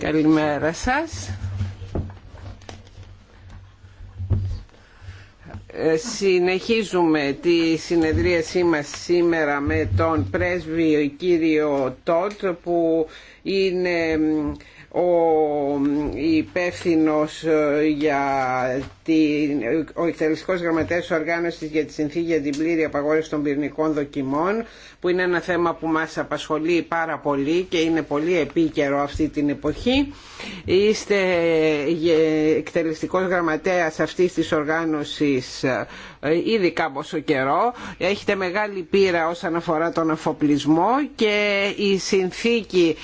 Καλημέρα σας. Ε, συνεχίζουμε τη συνεδρίασή μας σήμερα με τον πρέσβη κύριο Τότ που είναι ο υπεύθυνο ε, για ο εκτελεστικό γραμματέα τη οργάνωσης για τη συνθήκη για την πλήρη απαγόρευση των πυρηνικών δοκιμών που είναι ένα θέμα που μας απασχολεί πάρα πολύ και είναι πολύ επίκαιρο αυτή την εποχή. Είστε εκτελεστικό γραμματέα αυτής της οργάνωσης ε, ήδη κάμποσο καιρό. Έχετε μεγάλη πείρα όσον αφορά τον αφοπλισμό και η συνθήκη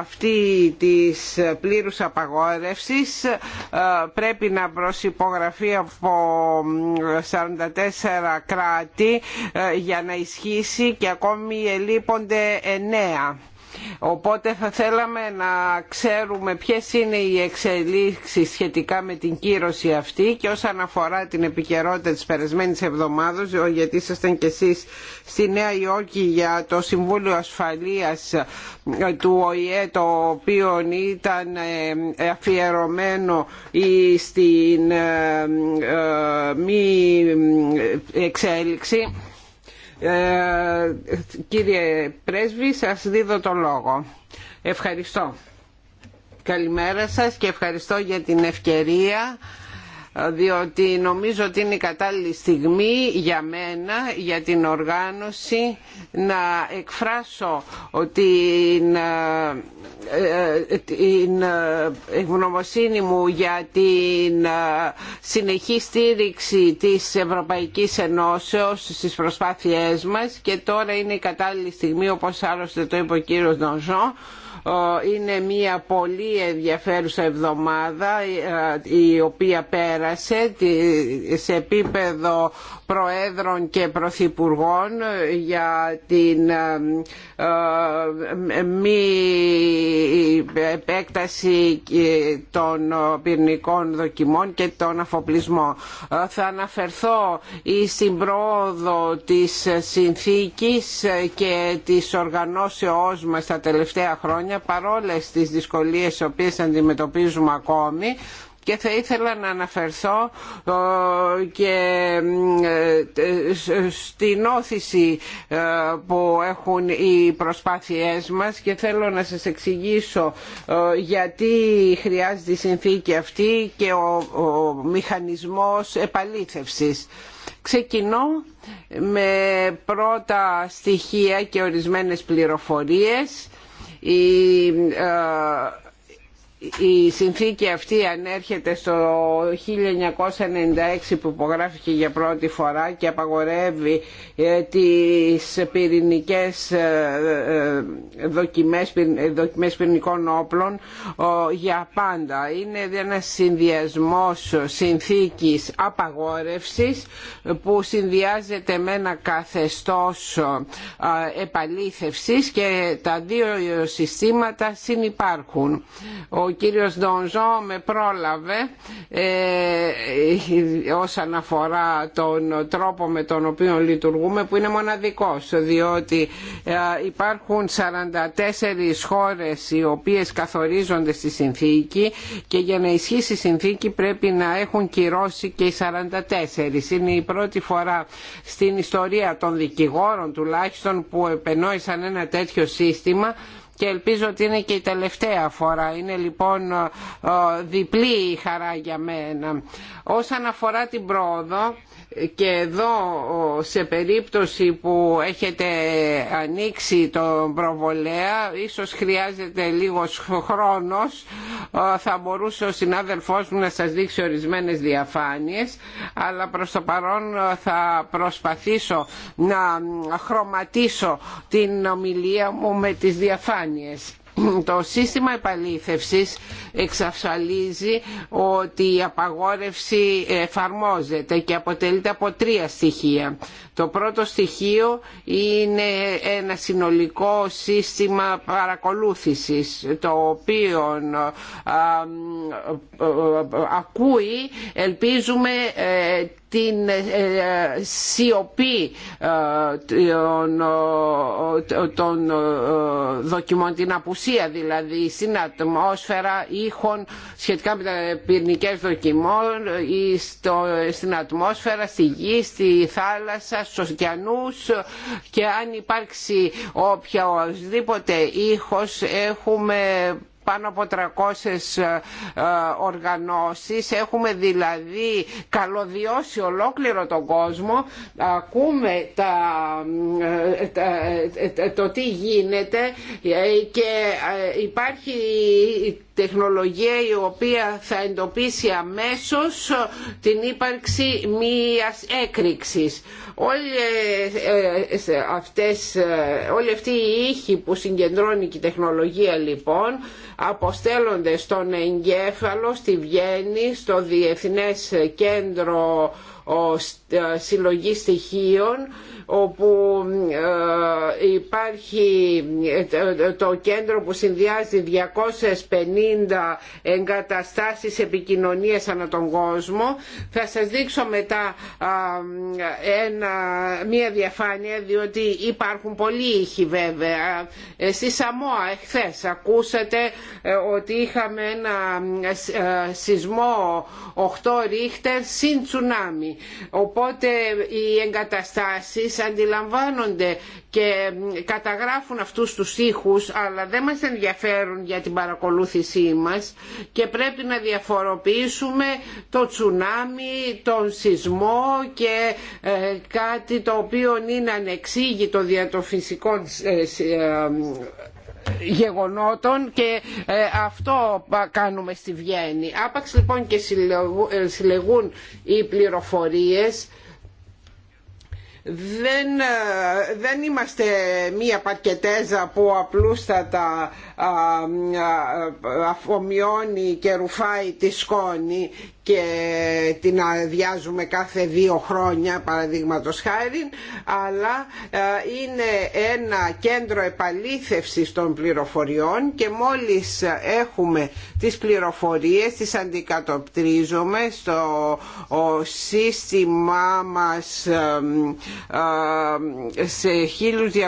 αυτή τη πλήρου απαγόρευση. Ε, πρέπει να προσυπογραφεί υπογραφεί από 44 κράτη ε, για να ισχύσει και ακόμη ελείπονται 9. Οπότε θα θέλαμε να ξέρουμε ποιες είναι οι εξελίξεις σχετικά με την κύρωση αυτή και όσον αφορά την επικαιρότητα της περασμένης εβδομάδας, γιατί ήσασταν και εσείς στη Νέα Υόρκη για το Συμβούλιο Ασφαλείας του ΟΗΕ, το οποίο ήταν ε, αφιερωμένο στην ε, ε, μη εξέλιξη ε, κύριε Πρέσβη, σας δίδω το λόγο. Ευχαριστώ. Καλημέρα σας και ευχαριστώ για την ευκαιρία διότι νομίζω ότι είναι η κατάλληλη στιγμή για μένα, για την οργάνωση, να εκφράσω την, ε, ε, την ε, ευγνωμοσύνη μου για την συνεχή στήριξη της Ευρωπαϊκής Ενώσεως στις προσπάθειές μας και τώρα είναι η κατάλληλη στιγμή, όπως άλλωστε το είπε ο κύριος Νοζό, είναι μια πολύ ενδιαφέρουσα εβδομάδα ε, η οποία πέρασε σε επίπεδο προέδρων και πρωθυπουργών για την ε, ε, μη επέκταση των πυρνικών δοκιμών και τον αφοπλισμό. Θα αναφερθώ στην πρόοδο της συνθήκης και της οργανώσεώς μας τα τελευταία χρόνια παρόλες τις δυσκολίες τις οποίες αντιμετωπίζουμε ακόμη και θα ήθελα να αναφερθώ ε, και ε, στην όθηση ε, που έχουν οι προσπάθειές μας και θέλω να σας εξηγήσω γιατί χρειάζεται η συνθήκη αυτή και ο μηχανισμός επαλήθευσης. Ξεκινώ με πρώτα στοιχεία και ορισμένες πληροφορίες η ε, η συνθήκη αυτή ανέρχεται στο 1996 που υπογράφηκε για πρώτη φορά και απαγορεύει ε, τις πυρηνικές ε, ε, δοκιμές, δοκιμές πυρηνικών όπλων για πάντα. Είναι ένας συνδυασμός συνθήκης απαγόρευσης που συνδυάζεται με ένα καθεστώς επαλήθευσης και τα δύο συστήματα συνυπάρχουν. Ο ο κύριος Ντονζό με πρόλαβε ε, όσον αφορά τον τρόπο με τον οποίο λειτουργούμε που είναι μοναδικός διότι ε, υπάρχουν 44 χώρες οι οποίες καθορίζονται στη συνθήκη και για να ισχύσει η συνθήκη πρέπει να έχουν κυρώσει και οι 44. Είναι η πρώτη φορά στην ιστορία των δικηγόρων τουλάχιστον που επενόησαν ένα τέτοιο σύστημα και ελπίζω ότι είναι και η τελευταία φορά. Είναι λοιπόν ε, ε, διπλή η χαρά για μένα. Όσον αφορά την πρόοδο και εδώ σε περίπτωση που έχετε ανοίξει τον προβολέα ίσως χρειάζεται λίγος χρόνος θα μπορούσε ο συνάδελφός μου να σας δείξει ορισμένες διαφάνειες αλλά προς το παρόν θα προσπαθήσω να χρωματίσω την ομιλία μου με τις διαφάνειες το σύστημα επαλήθευσης εξασφαλίζει ότι η απαγόρευση εφαρμόζεται και αποτελείται από τρία στοιχεία. Το πρώτο στοιχείο είναι ένα συνολικό σύστημα παρακολούθησης το οποίο ακούει ελπίζουμε ε, την ε, ε, σιωπή ε, των δοκιμών, την απουσία δηλαδή στην ατμόσφαιρα ήχων σχετικά με τα πυρηνικές δοκιμών ή στο, στην ατμόσφαιρα, στη γη, στη θάλασσα, στους ωκεανούς και αν υπάρξει οποιοδήποτε ήχος έχουμε πάνω από 300 ε, ε, οργανώσεις. Έχουμε δηλαδή καλωδιώσει ολόκληρο τον κόσμο. Ακούμε τα, ε, το τι γίνεται και υπάρχει τεχνολογία η οποία θα εντοπίσει αμέσως την ύπαρξη μίας έκρηξης. Όλες ε, αυτές, ε, όλοι αυτοί οι ήχοι που συγκεντρώνει και η τεχνολογία λοιπόν αποστέλλονται στον εγκέφαλο, στη Βιέννη, στο Διεθνές Κέντρο ε, Συλλογής στοιχείων όπου ε, υπάρχει ε, το κέντρο που συνδυάζει 250 εγκαταστάσεις επικοινωνίας ανά τον κόσμο. Θα σας δείξω μετά ένα, μία διαφάνεια διότι υπάρχουν πολλοί ήχοι βέβαια. Στη Σαμόα εχθές ακούσατε ε, ότι είχαμε ένα σεισμό 8 ρίχτερ συν τσουνάμι. Οπότε οι εγκαταστάσεις αντιλαμβάνονται και καταγράφουν αυτούς τους ήχους αλλά δεν μας ενδιαφέρουν για την παρακολούθησή μας και πρέπει να διαφοροποιήσουμε το τσουνάμι, τον σεισμό και ε, κάτι το οποίο είναι ανεξήγητο δια των φυσικών ε, ε, γεγονότων και αυτό κάνουμε στη Βιέννη. Άπαξ λοιπόν και συλλεγούν οι πληροφορίες δεν, ε, δεν είμαστε μία παρκετέζα που απλούστατα αφομοιώνει και ρουφάει τη σκόνη και την αδειάζουμε κάθε δύο χρόνια παραδείγματο χάρη αλλά ε, είναι ένα κέντρο επαλήθευσης των πληροφοριών και μόλις έχουμε τις πληροφορίες τις αντικατοπτρίζουμε στο σύστημά μας ε, σε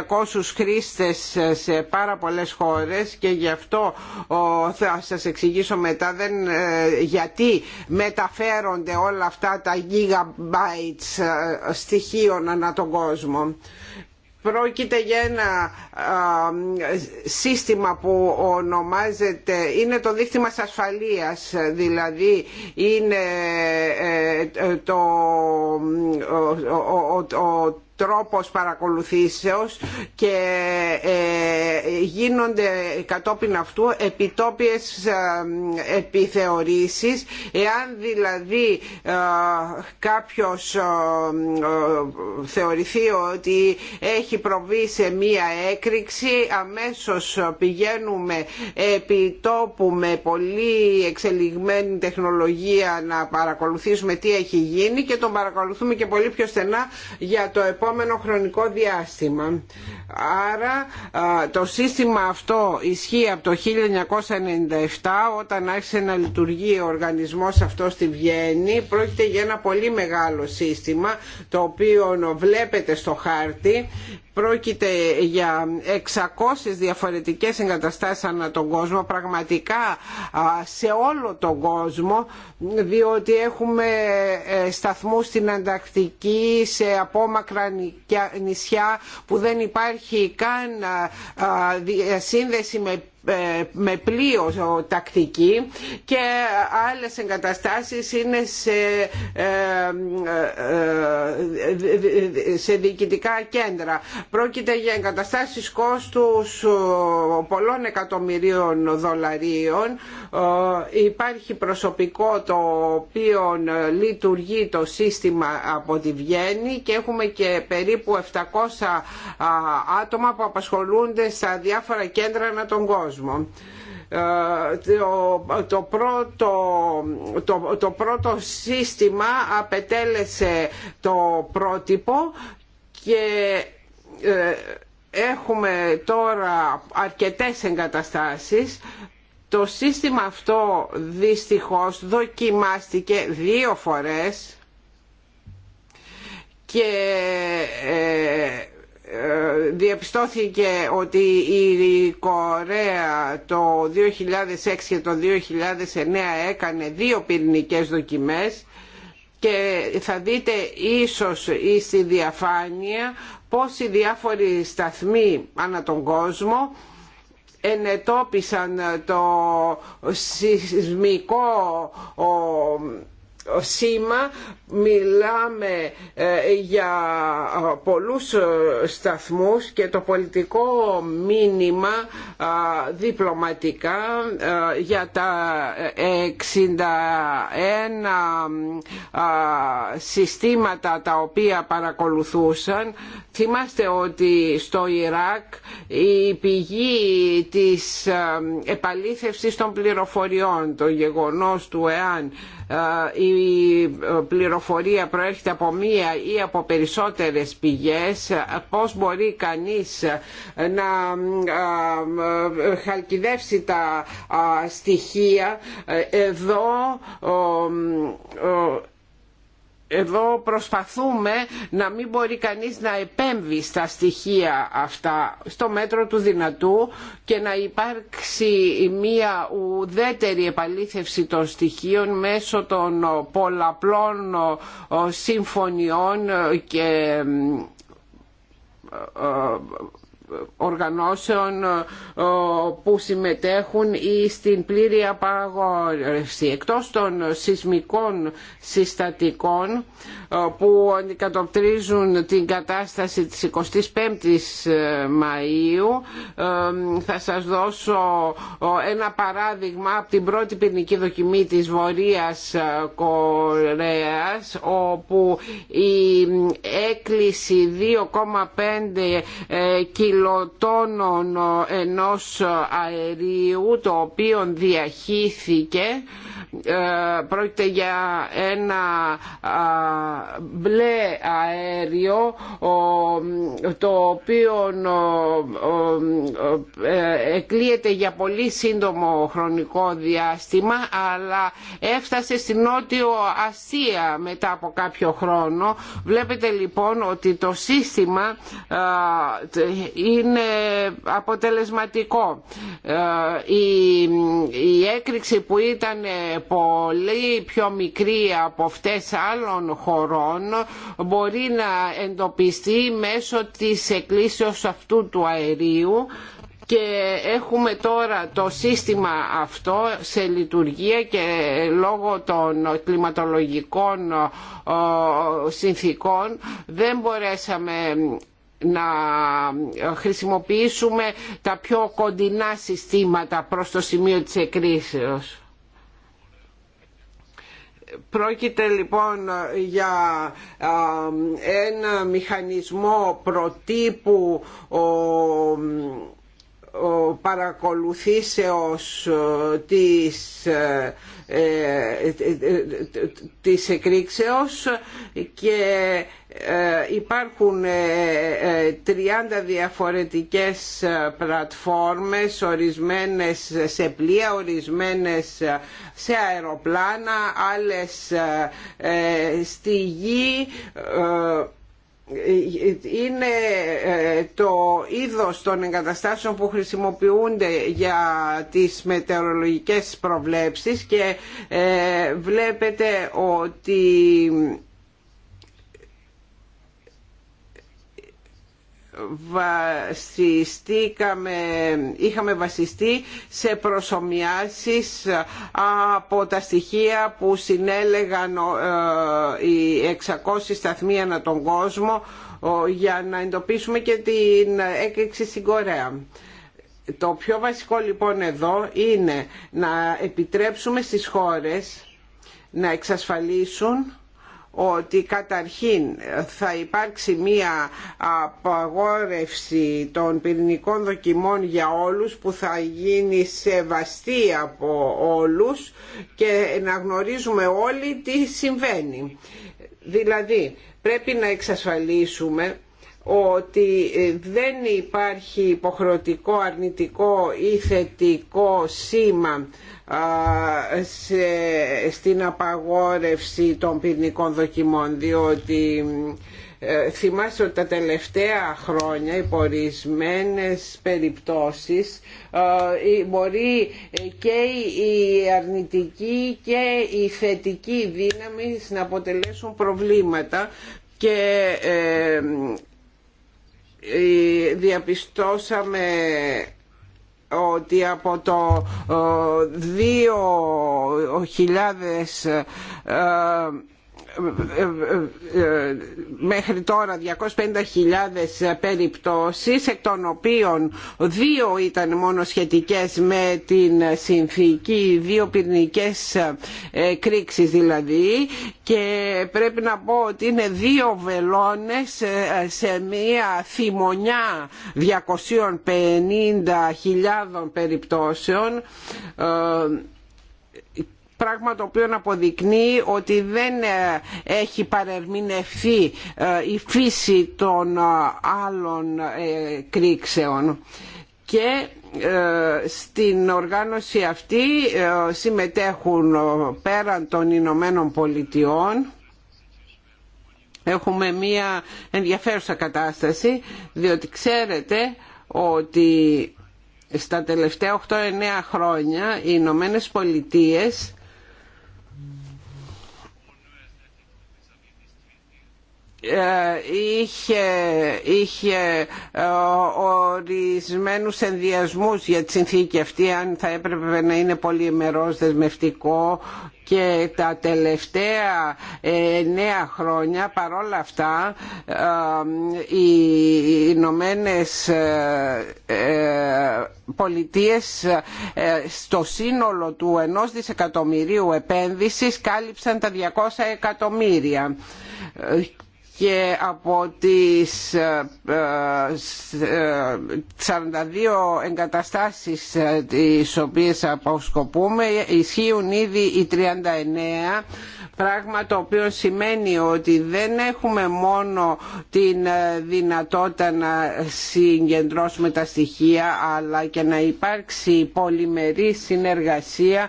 1200 χρήστες σε πάρα πολλές χώρες και γι' αυτό θα σας εξηγήσω μετά δεν, ε, γιατί με μεταφέρονται όλα αυτά τα gigabytes ε, στοιχείων ανά τον κόσμο. Πρόκειται για ένα ε, σύστημα που ονομάζεται, είναι το δίχτυμα ασφαλείας, δηλαδή είναι ε, το τρόπος παρακολουθήσεως και ε, γίνονται κατόπιν αυτού επιτόπιες ε, επιθεωρήσεις εάν δηλαδή ε, κάποιος θεωρηθεί ότι έχει προβεί σε μία έκρηξη αμέσως πηγαίνουμε επιτόπου με πολύ εξελιγμένη τεχνολογία να παρακολουθήσουμε τι έχει γίνει και τον παρακολουθούμε και πολύ πιο στενά για το επόμενο επόμενο χρονικό διάστημα. Άρα το σύστημα αυτό ισχύει από το 1997 όταν άρχισε να λειτουργεί ο οργανισμός αυτό στη Βιέννη. Πρόκειται για ένα πολύ μεγάλο σύστημα το οποίο βλέπετε στο χάρτη πρόκειται για 600 διαφορετικές εγκαταστάσεις ανά τον κόσμο, πραγματικά σε όλο τον κόσμο, διότι έχουμε ε, σταθμούς στην Ανταρκτική, σε απόμακρα νησιά που δεν υπάρχει καν σύνδεση με με πλοίο τακτική και άλλες εγκαταστάσεις είναι σε, ε, ε, σε διοικητικά κέντρα. Πρόκειται για εγκαταστάσεις κόστους ε, πολλών εκατομμυρίων δολαρίων. Υπάρχει προσωπικό το οποίο λειτουργεί το σύστημα από τη Βιέννη και έχουμε και περίπου 700 άτομα που απασχολούνται στα διάφορα κέντρα με τον κόσμο. Ε, το, το, πρώτο, το, πρώτο σύστημα απετέλεσε το πρότυπο και ε, έχουμε τώρα αρκετές εγκαταστάσεις το σύστημα αυτό δυστυχώς δοκιμάστηκε δύο φορές και ε, διαπιστώθηκε ότι η Κορέα το 2006 και το 2009 έκανε δύο πυρηνικές δοκιμές και θα δείτε ίσως ή στη διαφάνεια πως οι διάφοροι σταθμοί ανά τον κόσμο ενετόπισαν το σεισμικό σήμα μιλάμε ε, για ε, πολλούς ε, σταθμούς και το πολιτικό μήνυμα διπλωματικά για τα 61 συστήματα τα οποία παρακολουθούσαν θυμάστε ότι στο Ιράκ η πηγή της επαλήθευσης των πληροφοριών το γεγονός του εάν ε, η ε, πληροφορία προέρχεται από μία ή από περισσότερες πηγές πώς μπορεί κανείς ε, να χαλκιδεύσει τα στοιχεία εδώ εδώ προσπαθούμε να μην μπορεί κανείς να επέμβει στα στοιχεία αυτά στο μέτρο του δυνατού και να υπάρξει μία ουδέτερη επαλήθευση των στοιχείων μέσω των πολλαπλών συμφωνιών και οργανώσεων ε, που συμμετέχουν ή στην πλήρη απαγόρευση. Εκτός των σεισμικών συστατικών που αντικατοπτρίζουν την κατάσταση της 25ης ε, Μαΐου. Ε, θα σας δώσω ε, ένα παράδειγμα από την πρώτη ποινική δοκιμή της Βορείας Κορέας όπου η έκκληση 2,5 κιλοτόνων ενός αερίου το οποίο διαχύθηκε πρόκειται για ένα μπλε αέριο το οποίο ε, εκλείεται για πολύ σύντομο χρονικό διάστημα αλλά έφτασε στην Νότιο Ασία μετά από κάποιο χρόνο. Βλέπετε λοιπόν ότι το σύστημα ε, είναι αποτελεσματικό. Ε, η έκρηξη που ήταν πολύ πιο μικρή από αυτές άλλων χωρών μπορεί να εντοπιστεί μέσω της εκκλήσεως αυτού του αερίου και έχουμε τώρα το σύστημα αυτό σε λειτουργία και λόγω των κλιματολογικών συνθήκων δεν μπορέσαμε να χρησιμοποιήσουμε τα πιο κοντινά συστήματα προς το σημείο της εκκλήσεως. Πρόκειται λοιπόν για ένα μηχανισμό προτύπου παρακολουθήσεως ε, της, ε, της εκρήξεως και ε, υπάρχουν 30 διαφορετικές πλατφόρμες ορισμένες σε πλοία, ορισμένες σε αεροπλάνα, άλλες στη γη είναι ε, το είδος των εγκαταστάσεων που χρησιμοποιούνται για τις μετεωρολογικές προβλέψεις και ε, βλέπετε ότι βασιστήκαμε, είχαμε βασιστεί σε προσωμιάσεις από τα στοιχεία που συνέλεγαν ε, οι 600 σταθμοί ανά τον κόσμο ε, για να εντοπίσουμε και την έκρηξη στην Κορέα. Το πιο βασικό λοιπόν εδώ είναι να επιτρέψουμε στις χώρες να εξασφαλίσουν ότι καταρχήν θα υπάρξει μία απαγόρευση των πυρηνικών δοκιμών για όλους που θα γίνει σεβαστή από όλους και να γνωρίζουμε όλοι τι συμβαίνει. Δηλαδή πρέπει να εξασφαλίσουμε ότι δεν υπάρχει υποχρεωτικό αρνητικό ή θετικό σήμα σε, στην απαγόρευση των πυρνικών δοκιμών διότι ε, θυμάστε ότι τα τελευταία χρόνια οι πορισμένες περιπτώσεις ε, μπορεί και η αρνητική και η θετική δύναμη να αποτελέσουν προβλήματα και ε, ε, ε διαπιστώσαμε ότι από το 2000 ε, μέχρι τώρα 250.000 περιπτώσεις εκ των οποίων δύο ήταν μόνο σχετικές με την συνθήκη, δύο πυρνικές κρίξεις δηλαδή και πρέπει να πω ότι είναι δύο βελόνες σε μία θυμονιά 250.000 περιπτώσεων πράγμα το οποίο αποδεικνύει ότι δεν ε, έχει παρερμηνευθεί ε, η φύση των ε, άλλων κρίξεων και στην οργάνωση αυτή συμμετέχουν πέραν των Ηνωμένων Πολιτειών έχουμε μία ενδιαφέρουσα κατάσταση διότι ξέρετε ότι στα τελευταία 8-9 χρόνια οι Ηνωμένε Πολιτείες Ε, είχε, είχε ε, ορισμένους ενδιασμούς για τη συνθήκη αυτή αν θα έπρεπε να είναι πολύ δεσμευτικό και τα τελευταία ε, εννέα χρόνια παρόλα αυτά οι Ηνωμένε Πολιτείες στο σύνολο του ενός δισεκατομμυρίου επένδυσης κάλυψαν τα 200 εκατομμύρια και από τις 42 ε, ε, ε, εγκαταστάσεις τις οποίες αποσκοπούμε ισχύουν ήδη οι 39 πράγμα το οποίο σημαίνει ότι δεν έχουμε μόνο την δυνατότητα να συγκεντρώσουμε τα στοιχεία αλλά και να υπάρξει πολυμερή συνεργασία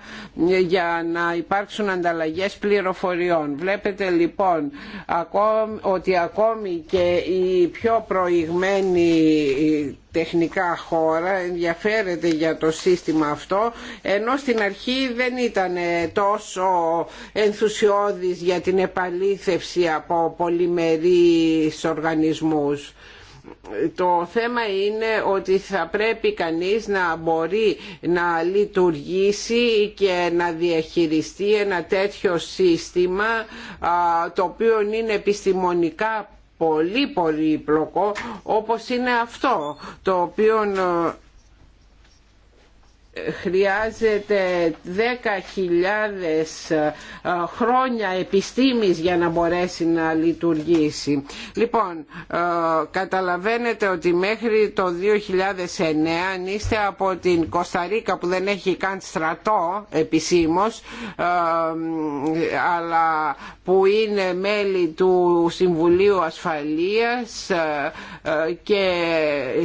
για να υπάρξουν ανταλλαγές πληροφοριών. Βλέπετε λοιπόν ότι ότι ακόμη και η πιο προηγμένη τεχνικά χώρα ενδιαφέρεται για το σύστημα αυτό ενώ στην αρχή δεν ήταν τόσο ενθουσιώδης για την επαλήθευση από πολυμερείς οργανισμούς το θέμα είναι ότι θα πρέπει κανείς να μπορεί να λειτουργήσει και να διαχειριστεί ένα τέτοιο σύστημα το οποίο είναι επιστημονικά πολύ πολύπλοκο όπως είναι αυτό το οποίο χρειάζεται 10.000 ε, χρόνια επιστήμης για να μπορέσει να λειτουργήσει. Λοιπόν, ε, καταλαβαίνετε ότι μέχρι το 2009 είστε από την Κοσταρίκα που δεν έχει καν στρατό επισήμως ε, αλλά που είναι μέλη του Συμβουλίου Ασφαλείας και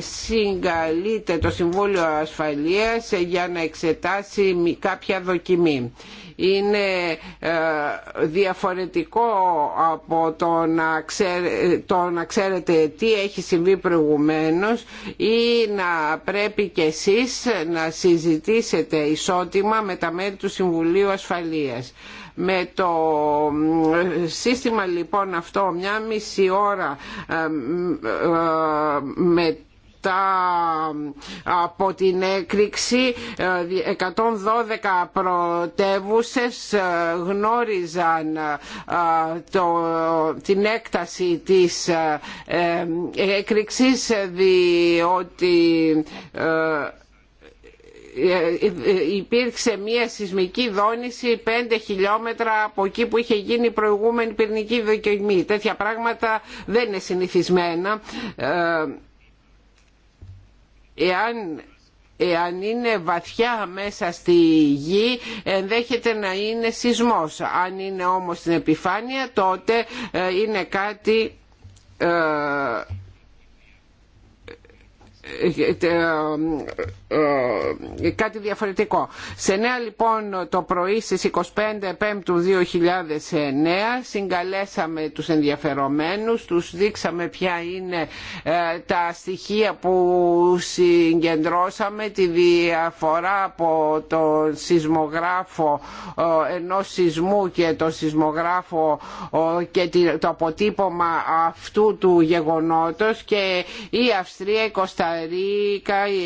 συγκαλείται το Συμβούλιο Ασφαλείας για να εξετάσει κάποια δοκιμή. Είναι ε, διαφορετικό από το να, ξέρετε τι έχει συμβεί προηγουμένως ή να πρέπει κι εσείς να συζητήσετε ισότιμα με τα μέλη του Συμβουλίου Ασφαλείας. Με το σύστημα λοιπόν αυτό μια μισή ώρα ε, ε, με από την έκρηξη 112 ε, πρωτεύουσες ε, γνώριζαν ε, το, την έκταση της έκρηξης διότι υπήρξε μια σεισμική δόνηση 5 χιλιόμετρα από εκεί που είχε γίνει η προηγούμενη πυρνική δοκιμή. Τέτοια πράγματα δεν είναι συνηθισμένα εάν εάν είναι βαθιά μέσα στη γη ενδέχεται να είναι σεισμός. Αν είναι όμως στην επιφάνεια τότε είναι κάτι ε, κάτι διαφορετικό. Σε νέα λοιπόν το πρωί στις 25 Πέμπτου 2009 συγκαλέσαμε τους ενδιαφερομένους, τους δείξαμε ποια είναι ε, τα στοιχεία που συγκεντρώσαμε, τη διαφορά από το σεισμογράφο ε, ενός σεισμού και το σεισμογράφο και το αποτύπωμα αυτού του γεγονότος και η Αυστρία, η Κωνσταντίνα,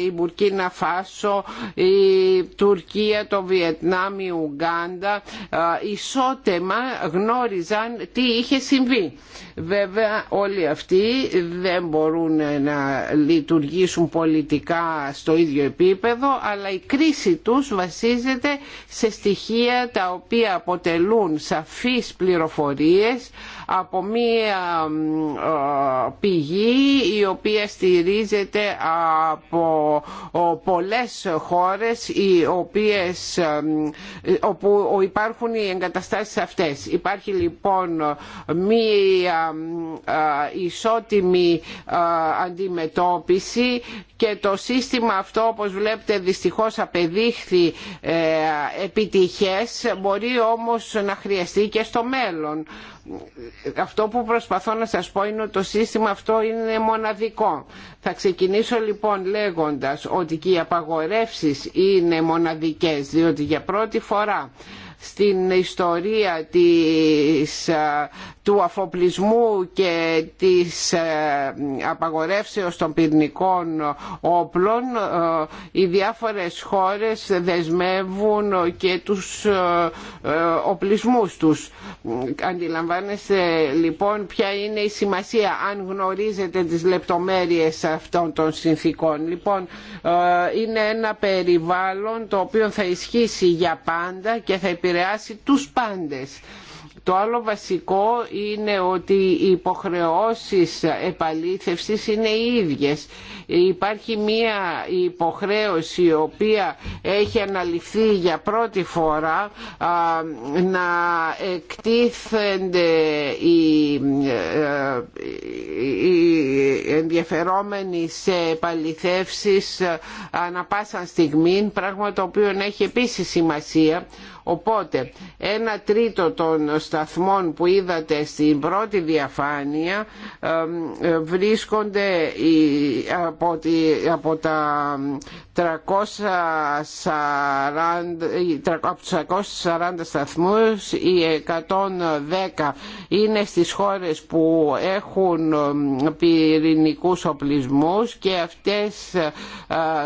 η Μπουρκίνα Φάσο, η Τουρκία, το Βιετνάμ, η Ουγγάντα ε, ισότεμα γνώριζαν τι είχε συμβεί. Βέβαια όλοι αυτοί δεν μπορούν να λειτουργήσουν πολιτικά στο ίδιο επίπεδο αλλά η κρίση τους βασίζεται σε στοιχεία τα οποία αποτελούν σαφείς πληροφορίες από μία ε, πηγή η οποία στηρίζεται από πολλές χώρες οι οποίες, όπου υπάρχουν οι εγκαταστάσεις αυτές. Υπάρχει λοιπόν μία ισότιμη αντιμετώπιση και το σύστημα αυτό όπως βλέπετε δυστυχώς απεδείχθη ε, επιτυχές μπορεί όμως να χρειαστεί και στο μέλλον αυτό που προσπαθώ να σας πω είναι ότι το σύστημα αυτό είναι μοναδικό. Θα ξεκινήσω λοιπόν λέγοντας ότι και οι απαγορεύσεις είναι μοναδικές διότι για πρώτη φορά στην ιστορία της, του αφοπλισμού και της απαγορεύσεως των πυρνικών όπλων οι διάφορες χώρες δεσμεύουν και τους οπλισμούς τους. Αντιλαμβάνεστε λοιπόν ποια είναι η σημασία αν γνωρίζετε τις λεπτομέρειες αυτών των συνθήκων. Λοιπόν είναι ένα περιβάλλον το οποίο θα ισχύσει για πάντα και θα επηρεάσει τους πάντες. Το άλλο βασικό είναι ότι οι υποχρεώσεις επαλήθευσης είναι οι ίδιες. Υπάρχει μία υποχρέωση η οποία έχει αναλυφθεί για πρώτη φορά να εκτίθενται ε, οι ενδιαφερόμενοι σε επαληθεύσεις ε, ανα πάσα στιγμή, πράγμα το οποίο έχει επίσης σημασία Οπότε ένα τρίτο των σταθμών που είδατε στην πρώτη διαφάνεια βρίσκονται από, από τα 340, από 340 σταθμούς οι 110 είναι στις χώρες που έχουν πυρηνικούς οπλισμούς και αυτές ε,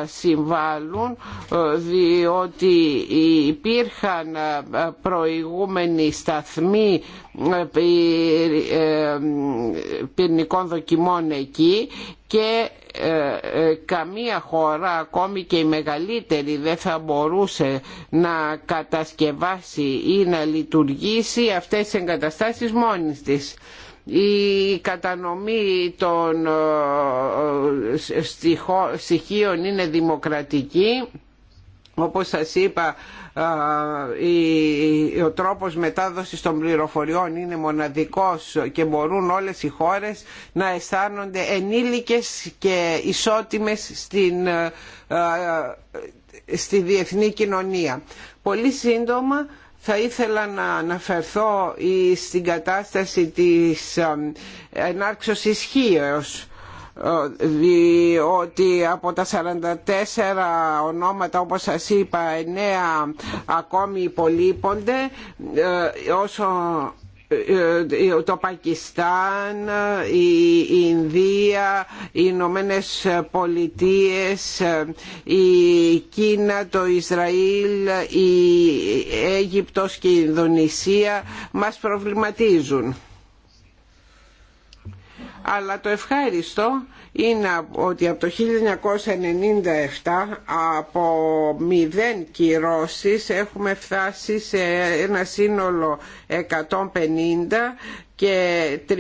συμβάλλουν ε, διότι υπήρχαν ε, προηγούμενη σταθμή σταθμοί ε, πυρηνικών ε, δοκιμών εκεί και καμία χώρα ακόμη και η μεγαλύτερη δεν θα μπορούσε να κατασκευάσει ή να λειτουργήσει αυτές τις εγκαταστάσεις μόνης της η κατανομή των στοιχείων είναι δημοκρατική όπως σας είπα ο τρόπος μετάδοσης των πληροφοριών είναι μοναδικός και μπορούν όλες οι χώρες να αισθάνονται ενήλικες και ισότιμες στην, στη διεθνή κοινωνία. Πολύ σύντομα θα ήθελα να αναφερθώ στην κατάσταση της ενάρξωσης χείρος διότι από τα 44 ονόματα όπως σας είπα 9 ακόμη υπολείπονται ε, όσο ε, ε, το Πακιστάν, η Ινδία, οι Ηνωμένε Πολιτείε, η Κίνα, το Ισραήλ, η Αίγυπτος και η Ινδονησία μας προβληματίζουν αλλά το ευχάριστο είναι ότι από το 1997 από μηδέν κυρώσεις έχουμε φτάσει σε ένα σύνολο 150 και 35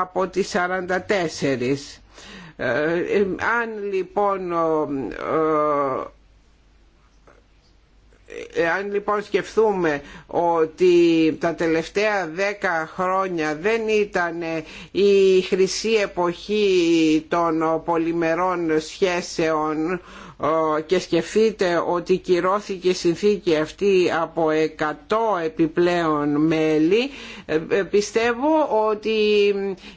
από τις 44. Ε, αν λοιπόν ε, αν λοιπόν σκεφτούμε ότι τα τελευταία δέκα χρόνια δεν ήταν η χρυσή εποχή των πολυμερών σχέσεων ε, και σκεφτείτε ότι κυρώθηκε η συνθήκη αυτή από 100 επιπλέον μέλη ε, πιστεύω ότι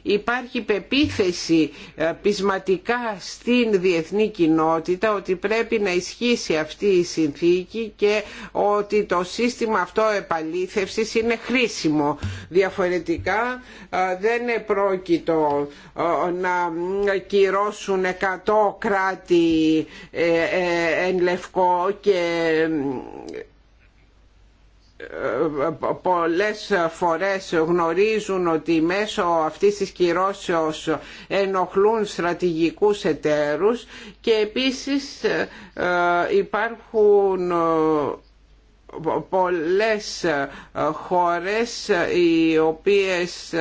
υπάρχει πεποίθηση ε, πεισματικά στην διεθνή κοινότητα ότι πρέπει να ισχύσει αυτή η συνθήκη και ότι το σύστημα αυτό επαλήθευσης είναι χρήσιμο. Διαφορετικά δεν πρόκειτο να κυρώσουν 100 κράτη εν λευκό και ε, ε, πολλές φορές γνωρίζουν ότι μέσω αυτής της κυρώσεως ενοχλούν στρατηγικούς εταίρους και επίσης ε, υπάρχουν πολλές χώρες οι οποίες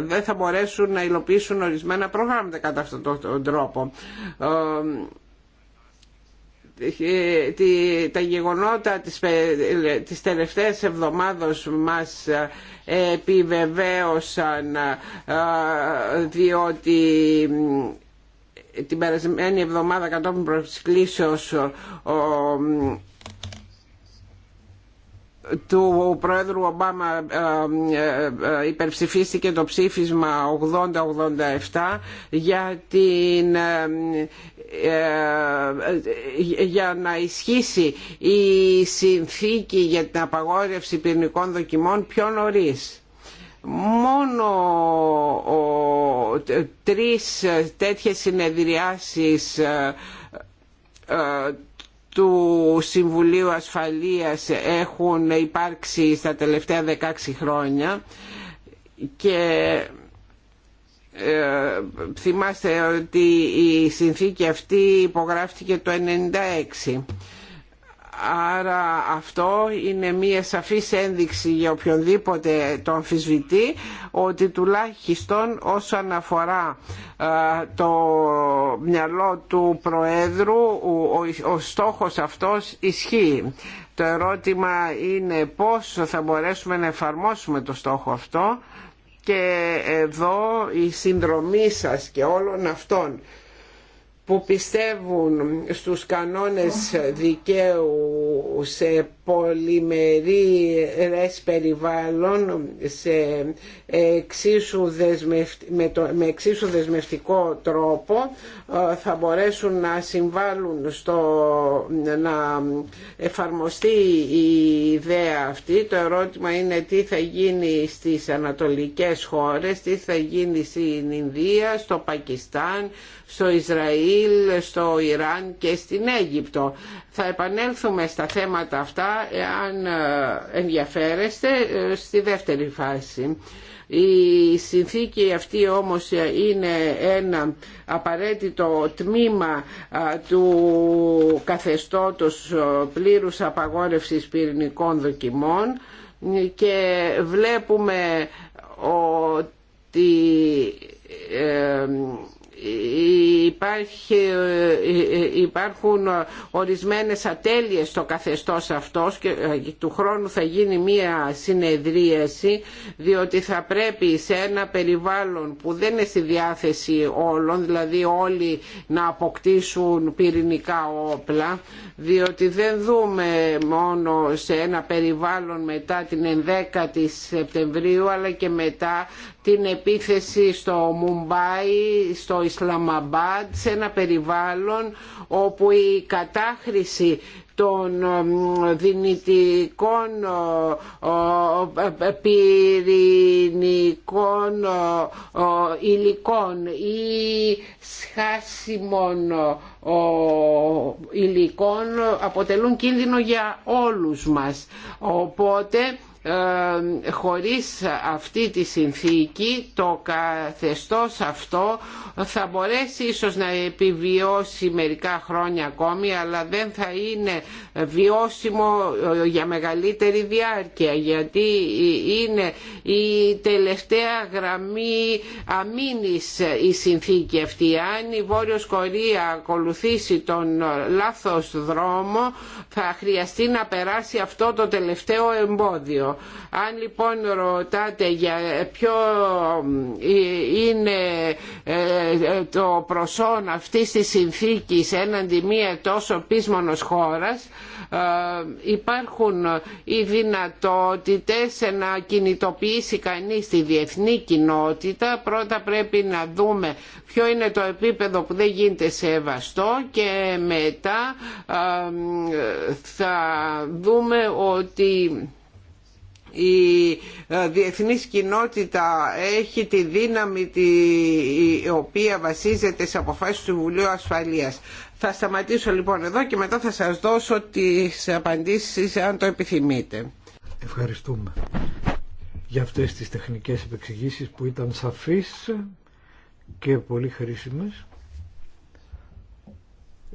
δεν θα μπορέσουν να υλοποιήσουν ορισμένα προγράμματα κατά αυτόν τον τρόπο τα γεγονότα της, τελευταίας εβδομάδος μας ε, επιβεβαίωσαν ε, διότι την περασμένη εβδομάδα κατόπιν προσκλήσεως του Πρόεδρου Ομπάμα ε, ε, ε, υπερψηφίστηκε το ψήφισμα 80-87 για, την, για να ισχύσει η συνθήκη για την απαγόρευση πυρηνικών δοκιμών πιο νωρίς μόνο ο, τρεις τέτοιες συνεδριάσεις του Συμβουλίου Ασφαλείας έχουν υπάρξει στα τελευταία 16 χρόνια και ε, θυμάστε ότι η συνθήκη αυτή υπογράφτηκε το 1996 Άρα αυτό είναι μία σαφής ένδειξη για οποιονδήποτε το αμφισβητεί ότι τουλάχιστον όσον αφορά το μυαλό του Προέδρου ο στόχος αυτός ισχύει. Το ερώτημα είναι πώς θα μπορέσουμε να εφαρμόσουμε το στόχο αυτό και εδώ η συνδρομή σας και όλων αυτών που πιστεύουν στους κανόνες δικαίου σε πολυμερίες περιβάλλον σε εξίσου με, με εξίσου δεσμευτικό τρόπο ε, θα μπορέσουν να συμβάλλουν στο να εφαρμοστεί η ιδέα αυτή. Το ερώτημα είναι τι θα γίνει στις ανατολικές χώρες, τι θα γίνει στην Ινδία, στο Πακιστάν, στο Ισραήλ, στο Ιράν και στην Αίγυπτο. Θα επανέλθουμε στα θέματα αυτά αν ε, ενδιαφέρεστε, ε, στη δεύτερη φάση. Η συνθήκη αυτή όμως είναι ένα απαραίτητο τμήμα του καθεστώτος ε, πλήρους απαγόρευσης πυρηνικών δοκιμών και βλέπουμε ότι Υπάρχει, ε, ε, υπάρχουν ορισμένες ατέλειες στο καθεστώς αυτός και ε, του χρόνου θα γίνει μία συνεδρίαση διότι θα πρέπει σε ένα περιβάλλον που δεν είναι στη διάθεση όλων δηλαδή όλοι να αποκτήσουν πυρηνικά όπλα διότι δεν δούμε μόνο σε ένα περιβάλλον μετά την 11η Σεπτεμβρίου αλλά και μετά την επίθεση στο Μουμπάι, στο Ισλαμαμπάντ σε ένα περιβάλλον όπου η κατάχρηση των ε, δυνητικών ε, ε, πυρηνικών υλικών ή σχάσιμων υλικών αποτελούν κίνδυνο για όλους μας. Οπότε ε, χωρίς αυτή τη συνθήκη το καθεστώς αυτό θα μπορέσει ίσως να επιβιώσει μερικά χρόνια ακόμη αλλά δεν θα είναι βιώσιμο ε, για μεγαλύτερη διάρκεια γιατί είναι η τελευταία γραμμή αμήνης η συνθήκη αυτή. Αν η Βόρειος Κορία ακολουθήσει τον λάθος δρόμο θα χρειαστεί να περάσει αυτό το τελευταίο εμπόδιο. Αν λοιπόν ρωτάτε για ποιο ε, είναι ε, ε, το προσόν αυτής της συνθήκης έναντι μία τόσο πείσμονος χώρας, υπάρχουν οι δυνατότητες να κινητοποιήσει κανείς τη διεθνή κοινότητα. Πρώτα πρέπει να δούμε ποιο είναι το επίπεδο που δεν γίνεται σεβαστό και μετά θα δούμε ότι η ε, διεθνής κοινότητα έχει τη δύναμη τη, η οποία βασίζεται σε αποφάσεις του Βουλίου Ασφαλείας. Θα σταματήσω λοιπόν εδώ και μετά θα σας δώσω τις απαντήσεις αν το επιθυμείτε. Ευχαριστούμε για αυτές τις τεχνικές επεξηγήσεις που ήταν σαφείς και πολύ χρήσιμες.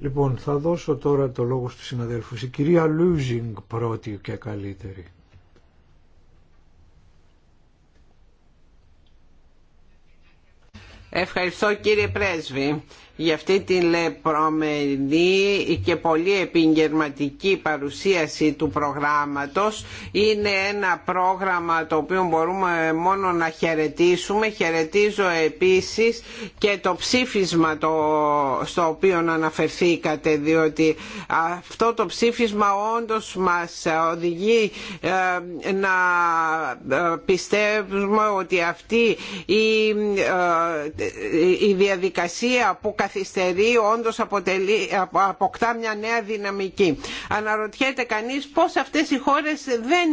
Λοιπόν, θα δώσω τώρα το λόγο στους συναδέλφους. Η κυρία Λούζινγκ πρώτη και καλύτερη. Ευχαριστώ κύριε Πρέσβη για αυτή την λεπρομενή και πολύ επιγγερματική παρουσίαση του προγράμματος. Είναι ένα πρόγραμμα το οποίο μπορούμε μόνο να χαιρετήσουμε. Χαιρετίζω επίσης και το ψήφισμα το, στο οποίο αναφερθήκατε διότι αυτό το ψήφισμα όντως μας οδηγεί ε, να ε, πιστεύουμε ότι αυτή η, ε, η διαδικασία που καθυστερεί όντως αποτελεί, αποκτά μια νέα δυναμική. Αναρωτιέται κανείς πώς αυτές οι χώρες δεν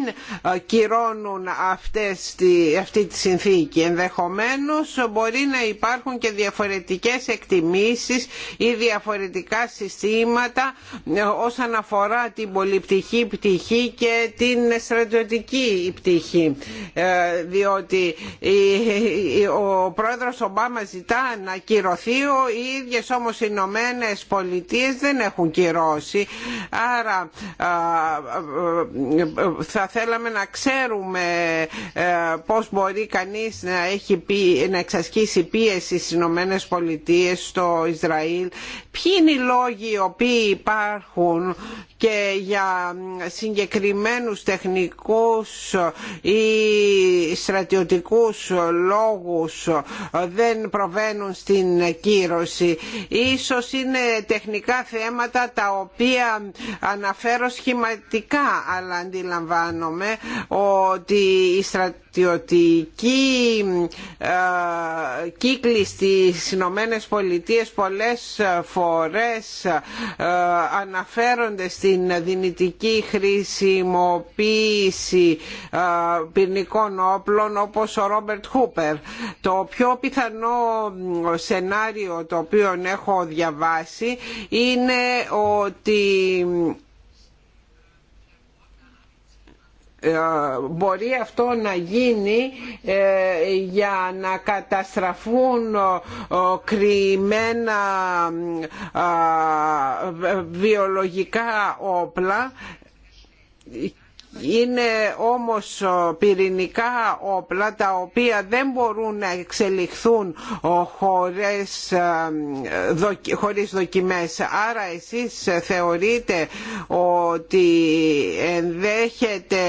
ε, κυρώνουν αυτές, αυτή τη συνθήκη. Ενδεχομένως μπορεί να υπάρχουν και διαφορετικές εκτιμήσεις ή διαφορετικά συστήματα ε, όσον αφορά την πολυπτυχή πτυχή και την στρατιωτική πτυχή ε, διότι ο πρόεδρος Ομπάμα ζητά να κυρωθεί ο ίδιες όμως οι Ηνωμένε Πολιτείε δεν έχουν κυρώσει. Άρα θα θέλαμε να ξέρουμε ε, πώς μπορεί κανείς να, έχει πει, να εξασκήσει πίεση στις Ηνωμένε Πολιτείε στο Ισραήλ. Ποιοι είναι οι λόγοι οι οποίοι υπάρχουν και για συγκεκριμένους τεχνικούς ή στρατιωτικούς λόγους δεν προβαίνουν στην κύρωση Ίσως είναι τεχνικά θέματα τα οποία αναφέρω σχηματικά, αλλά αντιλαμβάνομαι ότι η στρατιωτική ε, κύκλη στις Ηνωμένε Πολιτείες πολλές φορές ε, αναφέρονται στην δυνητική χρησιμοποίηση ε, πυρνικών όπλων όπως ο Ρόμπερτ Χούπερ. Το πιο πιθανό σενάριο το οποίο τον έχω διαβάσει είναι ότι ε, μπορεί αυτό να γίνει ε, για να καταστραφούν ε, κρυμμένα βιολογικά όπλα είναι όμως πυρηνικά όπλα τα οποία δεν μπορούν να εξελιχθούν χωρίς, ε, χωρίς δοκιμές. Άρα εσείς θεωρείτε ότι ενδέχεται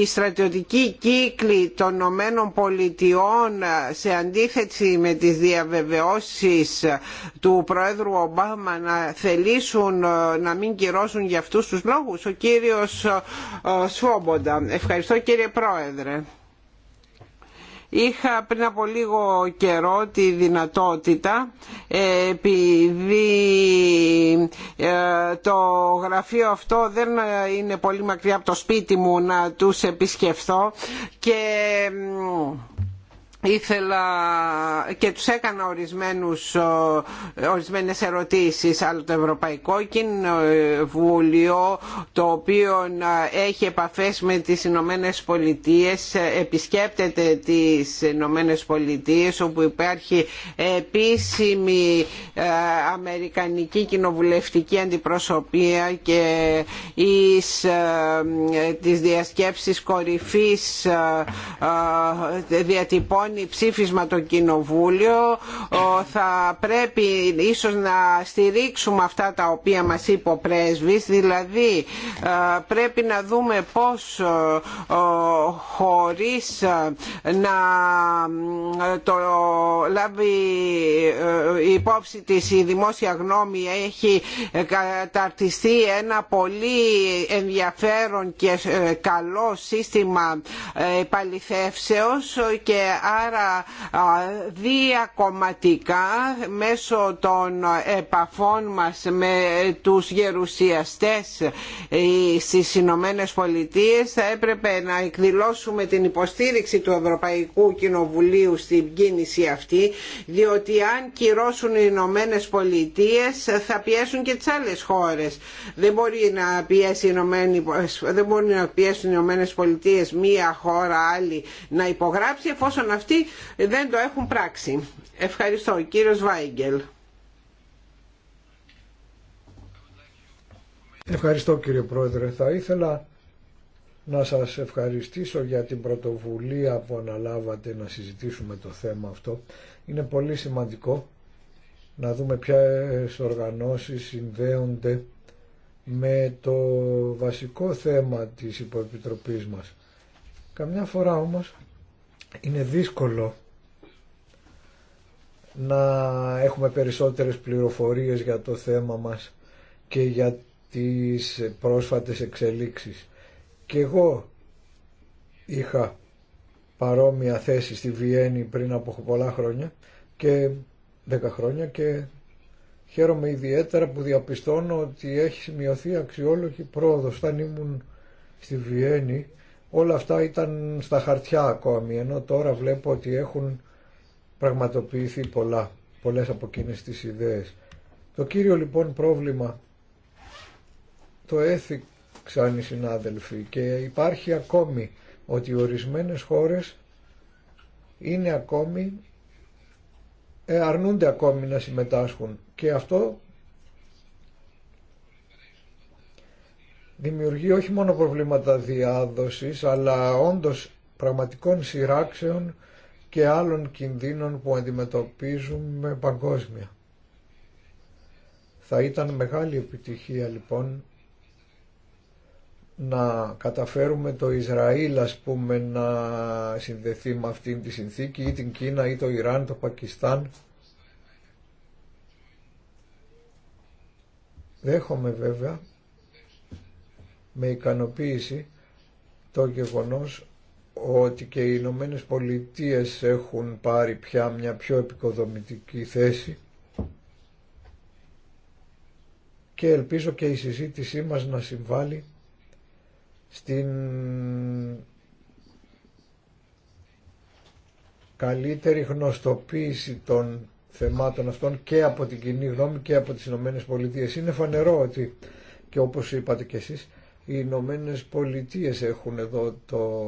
η στρατιωτική κύκλη των Ηνωμένων πολιτιών ε, σε αντίθεση με τις διαβεβαιώσεις του Πρόεδρου Ομπάμα να θελήσουν ε, να μην κυρώσουν για αυτούς τους λόγους. Ο κύριος ε, ε, Σφόμποντα. Ευχαριστώ κύριε Πρόεδρε. Είχα πριν από λίγο καιρό τη δυνατότητα ε, επειδή το γραφείο αυτό δεν είναι πολύ μακριά από το σπίτι μου να τους επισκεφθώ και ήθελα και τους έκανα ορισμένους, ορισμένες ερωτήσεις αλλά το Ευρωπαϊκό Κοινοβούλιο το οποίο έχει επαφές με τις Ηνωμένε Πολιτείε, επισκέπτεται τις Ηνωμένε Πολιτείε όπου υπάρχει επίσημη ε, αμερικανική κοινοβουλευτική αντιπροσωπεία και εις ε, τις διασκέψεις κορυφής ε, διατυπών εκδηλώνει ψήφισμα το Κοινοβούλιο θα πρέπει ίσως να στηρίξουμε αυτά τα οποία μας είπε ο πρέσβης δηλαδή ε, πρέπει να δούμε πως ε, χωρίς ε, να το λάβει υπόψη της η δημόσια γνώμη έχει καταρτιστεί ένα πολύ ενδιαφέρον και καλό σύστημα επαληθεύσεως και άρα διακομματικά μέσω των επαφών μας με τους γερουσιαστές ε, στις Ηνωμένε Πολιτείε θα έπρεπε να εκδηλώσουμε την υποστήριξη του Ευρωπαϊκού Κοινοβουλίου στην κίνηση αυτή διότι αν κυρώσουν οι Ηνωμένε Πολιτείε θα πιέσουν και τις άλλες χώρες δεν μπορεί να πιέσει δεν μπορεί να πιέσουν οι Ηνωμένε Πολιτείε μία χώρα άλλη να υπογράψει εφόσον αυτή αυτοί δεν το έχουν πράξει. Ευχαριστώ. Κύριος Βάιγκελ. Ευχαριστώ κύριε Πρόεδρε. Θα ήθελα να σας ευχαριστήσω για την πρωτοβουλία που αναλάβατε να συζητήσουμε το θέμα αυτό. Είναι πολύ σημαντικό να δούμε ποιες οργανώσεις συνδέονται με το βασικό θέμα της υποεπιτροπής μας. Καμιά φορά όμως είναι δύσκολο να έχουμε περισσότερες πληροφορίες για το θέμα μας και για τις πρόσφατες εξελίξεις. Και εγώ είχα παρόμοια θέση στη Βιέννη πριν από πολλά χρόνια και 10 χρόνια και χαίρομαι ιδιαίτερα που διαπιστώνω ότι έχει σημειωθεί αξιόλογη πρόοδος. Όταν ήμουν στη Βιέννη όλα αυτά ήταν στα χαρτιά ακόμη, ενώ τώρα βλέπω ότι έχουν πραγματοποιηθεί πολλά, πολλές από εκείνες τις ιδέες. Το κύριο λοιπόν πρόβλημα το έθιξαν οι συνάδελφοι και υπάρχει ακόμη ότι ορισμένες χώρες είναι ακόμη, ε, αρνούνται ακόμη να συμμετάσχουν και αυτό δημιουργεί όχι μόνο προβλήματα διάδοσης αλλά όντως πραγματικών σειράξεων και άλλων κινδύνων που αντιμετωπίζουμε παγκόσμια. Θα ήταν μεγάλη επιτυχία λοιπόν να καταφέρουμε το Ισραήλ ας πούμε να συνδεθεί με αυτήν τη συνθήκη ή την Κίνα ή το Ιράν, το Πακιστάν. Δέχομαι βέβαια με ικανοποίηση το γεγονός ότι και οι Ηνωμένε Πολιτείε έχουν πάρει πια μια πιο επικοδομητική θέση και ελπίζω και η συζήτησή μας να συμβάλλει στην καλύτερη γνωστοποίηση των θεμάτων αυτών και από την κοινή γνώμη και από τις Ηνωμένε Πολιτείε. Είναι φανερό ότι και όπως είπατε και εσείς οι Ηνωμένε Πολιτείε έχουν εδώ το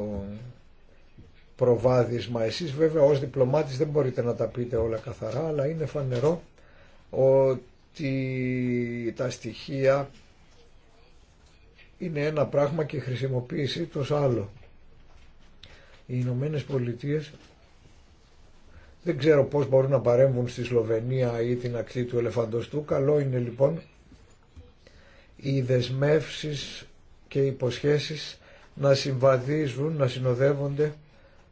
προβάδισμα. Εσείς βέβαια ως διπλωμάτης δεν μπορείτε να τα πείτε όλα καθαρά, αλλά είναι φανερό ότι τα στοιχεία είναι ένα πράγμα και η χρησιμοποίησή τους άλλο. Οι Ηνωμένε Πολιτείε δεν ξέρω πώς μπορούν να παρέμβουν στη Σλοβενία ή την ακτή του Ελεφαντοστού. Καλό είναι λοιπόν οι δεσμεύσει και υποσχέσεις να συμβαδίζουν, να συνοδεύονται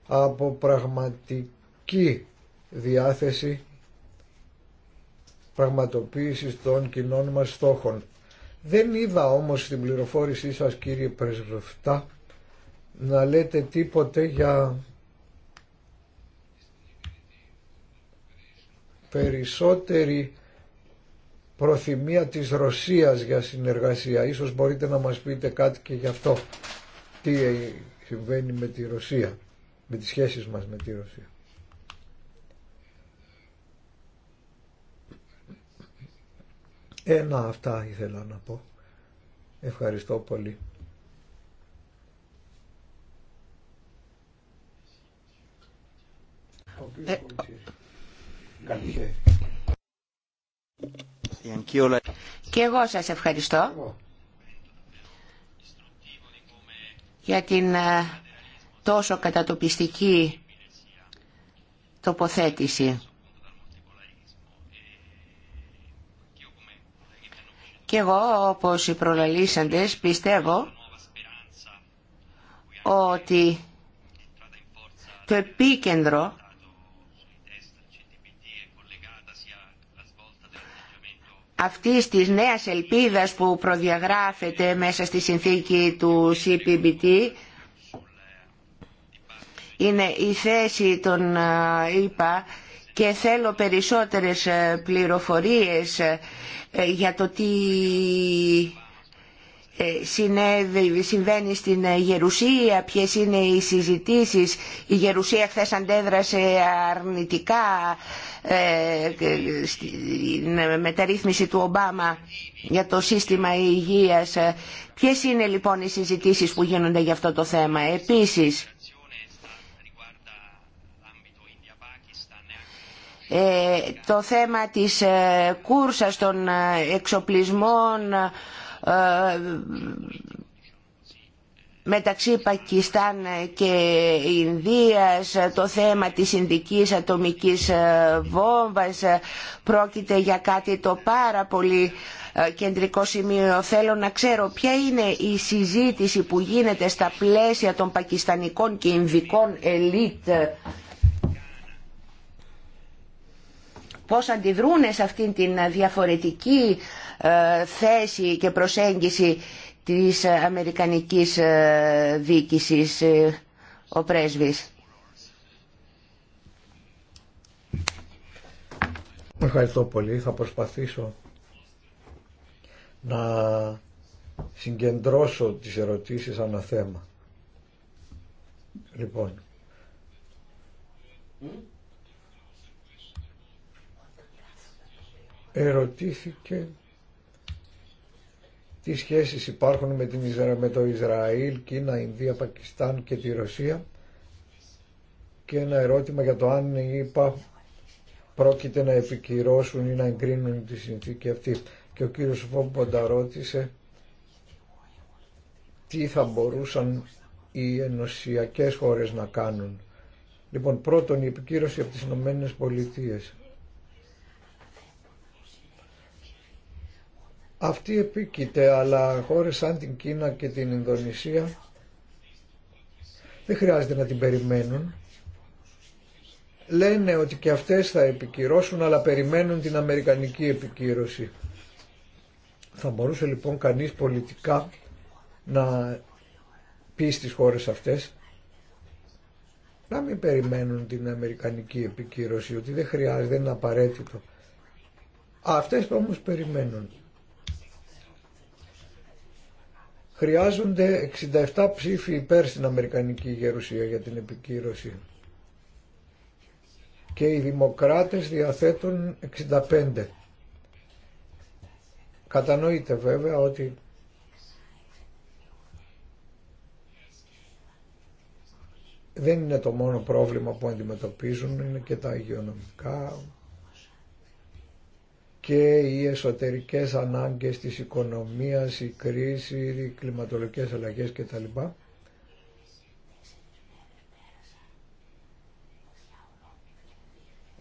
από πραγματική διάθεση πραγματοποίησης των κοινών μας στόχων. Δεν είδα όμως στην πληροφόρησή σας κύριε Πρεσβευτά να λέτε τίποτε για περισσότερη προθυμία της Ρωσίας για συνεργασία. Ίσως μπορείτε να μας πείτε κάτι και γι' αυτό. Τι συμβαίνει με τη Ρωσία, με τις σχέσεις μας με τη Ρωσία. Ένα αυτά ήθελα να πω. Ευχαριστώ πολύ. Ε, και εγώ σας ευχαριστώ για την ε, τόσο κατατοπιστική τοποθέτηση. Και εγώ, όπως οι προλαλήσαντες, πιστεύω ότι το επίκεντρο αυτής της νέας ελπίδας που προδιαγράφεται μέσα στη συνθήκη του CPBT είναι η θέση των ΙΠΑ και θέλω περισσότερες ε, πληροφορίες ε, για το τι ε, συμβαίνει στην ε, Γερουσία, ποιες είναι οι συζητήσεις. Η Γερουσία χθε αντέδρασε αρνητικά ε, στην μεταρρύθμιση του Ομπάμα για το σύστημα υγείας. Ποιες είναι λοιπόν οι συζητήσεις που γίνονται για αυτό το θέμα. Επίσης, το θέμα της κούρσας των εξοπλισμών ε, μεταξύ Πακιστάν και Ινδίας, το θέμα της Ινδικής ατομικής ε, βόμβας ε, πρόκειται για κάτι το πάρα πολύ κεντρικό σημείο. Θέλω να ξέρω ποια είναι η συζήτηση που γίνεται στα πλαίσια των πακιστανικών και ινδικών ελίτ πώς αντιδρούν σε αυτήν την ε, διαφορετική ε, θέση και προσέγγιση της ε, Αμερικανικής δίκησης ο πρέσβης. Ευχαριστώ πολύ. Θα προσπαθήσω να συγκεντρώσω τις ερωτήσεις ανά θέμα. Λοιπόν, ερωτήθηκε τι σχέσεις υπάρχουν με, την Ισρα... με το Ισραήλ, Κίνα, Ινδία, Πακιστάν και τη Ρωσία και ένα ερώτημα για το αν είπα, πρόκειται να επικυρώσουν ή να εγκρίνουν τη συνθήκη αυτή. Και ο κύριος Φόμποντα ρώτησε τι θα μπορούσαν οι ενωσιακές χώρες να κάνουν. Λοιπόν, πρώτον η επικύρωση από τις Ηνωμένε Πολιτείες. Αυτή επίκειται, αλλά χώρες σαν την Κίνα και την Ινδονησία δεν χρειάζεται να την περιμένουν. Λένε ότι και αυτές θα επικυρώσουν, αλλά περιμένουν την Αμερικανική επικύρωση. Θα μπορούσε λοιπόν κανείς πολιτικά να πει στις χώρες αυτές να μην περιμένουν την Αμερικανική επικύρωση, ότι δεν χρειάζεται, δεν είναι απαραίτητο. Αυτές όμως περιμένουν. Χρειάζονται 67 ψήφοι υπέρ στην Αμερικανική Γερουσία για την επικύρωση. Και οι δημοκράτες διαθέτουν 65. Κατανοείται βέβαια ότι δεν είναι το μόνο πρόβλημα που αντιμετωπίζουν, είναι και τα υγειονομικά, και οι εσωτερικές ανάγκες της οικονομίας, η κρίση, οι κλιματολογικές αλλαγές κτλ.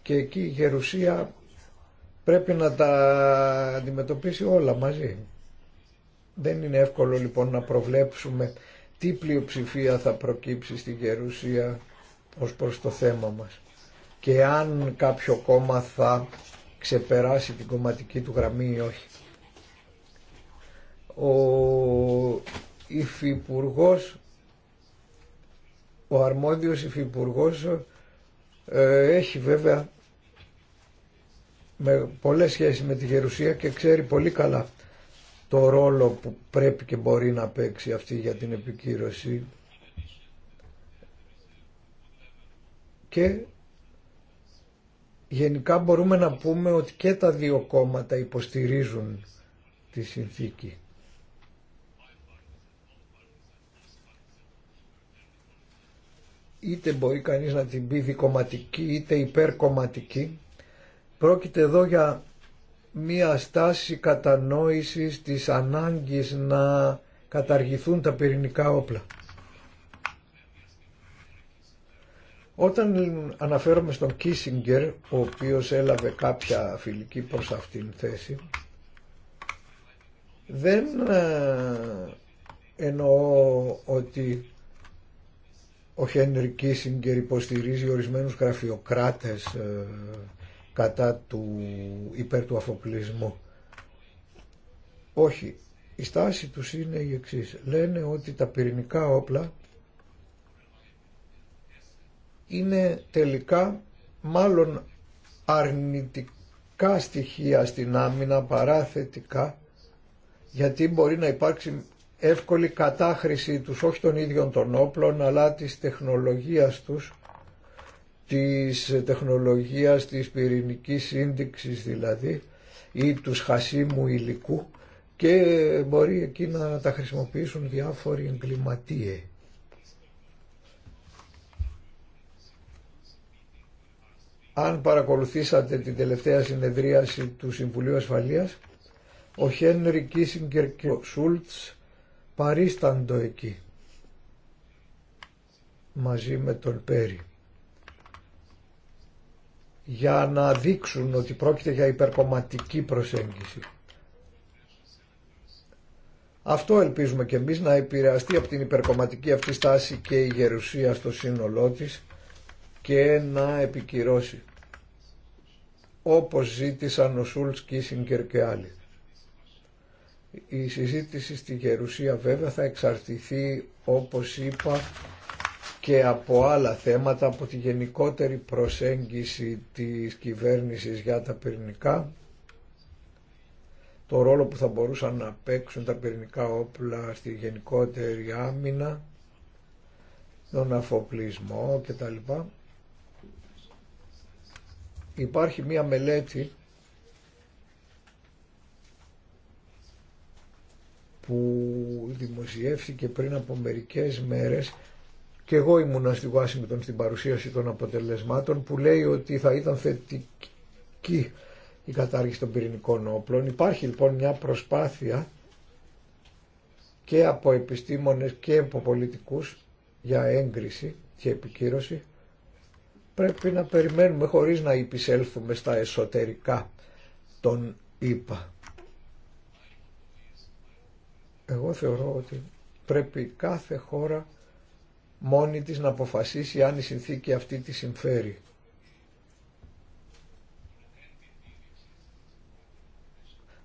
Και εκεί η Γερουσία πρέπει να τα αντιμετωπίσει όλα μαζί. Δεν είναι εύκολο λοιπόν να προβλέψουμε τι πλειοψηφία θα προκύψει στη Γερουσία ως προς το θέμα μας και αν κάποιο κόμμα θα ξεπεράσει την κομματική του γραμμή ή όχι. Ο υφυπουργός, ο αρμόδιος υφυπουργός ε, έχει βέβαια με πολλές σχέσεις με τη Γερουσία και ξέρει πολύ καλά το ρόλο που πρέπει και μπορεί να παίξει αυτή για την επικύρωση και Γενικά μπορούμε να πούμε ότι και τα δύο κόμματα υποστηρίζουν τη συνθήκη. Είτε μπορεί κανείς να την πει δικοματική είτε υπερκομματική. Πρόκειται εδώ για μία στάση κατανόησης της ανάγκης να καταργηθούν τα πυρηνικά όπλα. Όταν αναφέρομαι στον Κίσιγκερ, ο οποίος έλαβε κάποια φιλική προς αυτήν θέση, δεν ε, εννοώ ότι ο Χένρι Κίσιγκερ υποστηρίζει ορισμένους γραφειοκράτες ε, κατά του υπέρ του αφοπλισμού. Όχι. Η στάση τους είναι η εξής. Λένε ότι τα πυρηνικά όπλα είναι τελικά μάλλον αρνητικά στοιχεία στην άμυνα παρά θετικά γιατί μπορεί να υπάρξει εύκολη κατάχρηση τους όχι των ίδιων των όπλων αλλά της τεχνολογίας τους της τεχνολογίας της πυρηνικής σύνδεξης δηλαδή ή του χασίμου υλικού και μπορεί εκεί να τα χρησιμοποιήσουν διάφοροι εγκληματίες. Αν παρακολουθήσατε την τελευταία συνεδρίαση του Συμβουλίου Ασφαλείας, ο Χένρι Κίσιγκερ και ο Σούλτς παρίσταντο εκεί μαζί με τον Πέρι για να δείξουν ότι πρόκειται για υπερκομματική προσέγγιση. Αυτό ελπίζουμε και εμείς να επηρεαστεί από την υπερκομματική αυτή στάση και η γερουσία στο σύνολό της και να επικυρώσει όπως ζήτησαν ο Σούλτς, Κίσιγκερ και άλλοι. Η συζήτηση στη Γερουσία βέβαια θα εξαρτηθεί όπως είπα και από άλλα θέματα, από τη γενικότερη προσέγγιση της κυβέρνησης για τα πυρηνικά, το ρόλο που θα μπορούσαν να παίξουν τα πυρηνικά όπλα στη γενικότερη άμυνα, τον αφοπλισμό κτλ υπάρχει μία μελέτη που δημοσιεύθηκε πριν από μερικές μέρες και εγώ ήμουνα στη Washington στην παρουσίαση των αποτελεσμάτων που λέει ότι θα ήταν θετική η κατάργηση των πυρηνικών όπλων. Υπάρχει λοιπόν μια προσπάθεια και από επιστήμονες και από πολιτικούς για έγκριση και επικύρωση πρέπει να περιμένουμε χωρίς να υπησέλθουμε στα εσωτερικά των ΙΠΑ. Εγώ θεωρώ ότι πρέπει κάθε χώρα μόνη της να αποφασίσει αν η συνθήκη αυτή τη συμφέρει.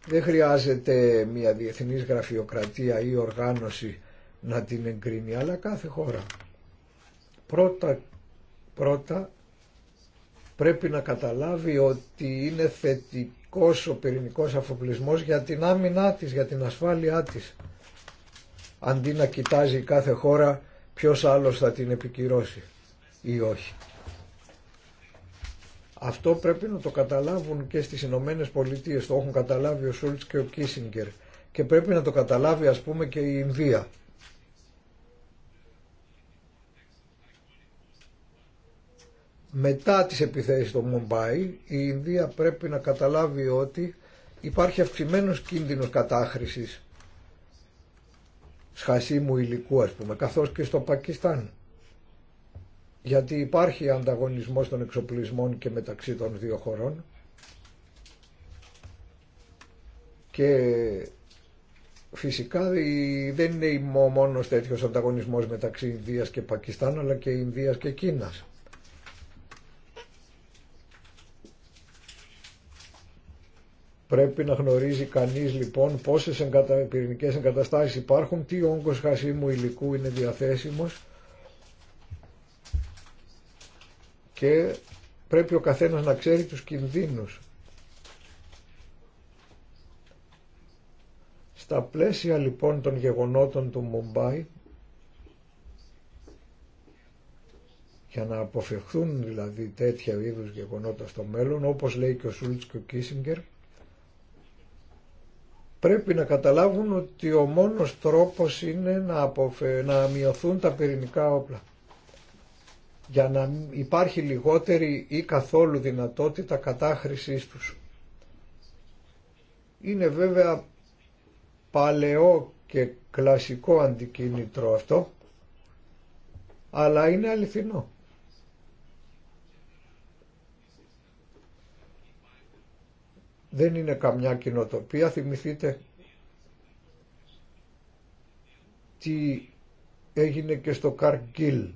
Δεν χρειάζεται μια διεθνής γραφειοκρατία ή οργάνωση να την εγκρίνει, αλλά κάθε χώρα. Πρώτα, πρώτα πρέπει να καταλάβει ότι είναι θετικός ο πυρηνικός αφοπλισμός για την άμυνά της, για την ασφάλειά της. Αντί να κοιτάζει κάθε χώρα ποιος άλλος θα την επικυρώσει ή όχι. Αυτό πρέπει να το καταλάβουν και στις Ηνωμένε Πολιτείε. Το έχουν καταλάβει ο Σούλτς και ο Κίσιγκερ. Και πρέπει να το καταλάβει ας πούμε και η Ινδία. μετά τις επιθέσεις στο Μομπάι η Ινδία πρέπει να καταλάβει ότι υπάρχει αυξημένος κίνδυνος κατάχρησης σχασίμου υλικού ας πούμε καθώς και στο Πακιστάν γιατί υπάρχει ανταγωνισμός των εξοπλισμών και μεταξύ των δύο χωρών και φυσικά δεν είναι μόνος τέτοιος ανταγωνισμός μεταξύ Ινδίας και Πακιστάν αλλά και Ινδίας και Κίνας. Πρέπει να γνωρίζει κανείς λοιπόν πόσες εγκατα... πυρηνικές εγκαταστάσεις υπάρχουν, τι όγκος χασίμου υλικού είναι διαθέσιμος και πρέπει ο καθένας να ξέρει τους κινδύνους. Στα πλαίσια λοιπόν των γεγονότων του Μομπάι, για να αποφευχθούν δηλαδή τέτοια είδους γεγονότα στο μέλλον, όπως λέει και ο Σούλτς και ο Κίσιγκερ, πρέπει να καταλάβουν ότι ο μόνος τρόπος είναι να, αποφε... να μειωθούν τα πυρηνικά όπλα για να υπάρχει λιγότερη ή καθόλου δυνατότητα κατάχρησής τους. Είναι βέβαια παλαιό και κλασικό αντικίνητρο αυτό, αλλά είναι αληθινό. δεν είναι καμιά κοινοτοπία. Θυμηθείτε τι έγινε και στο Καρκίλ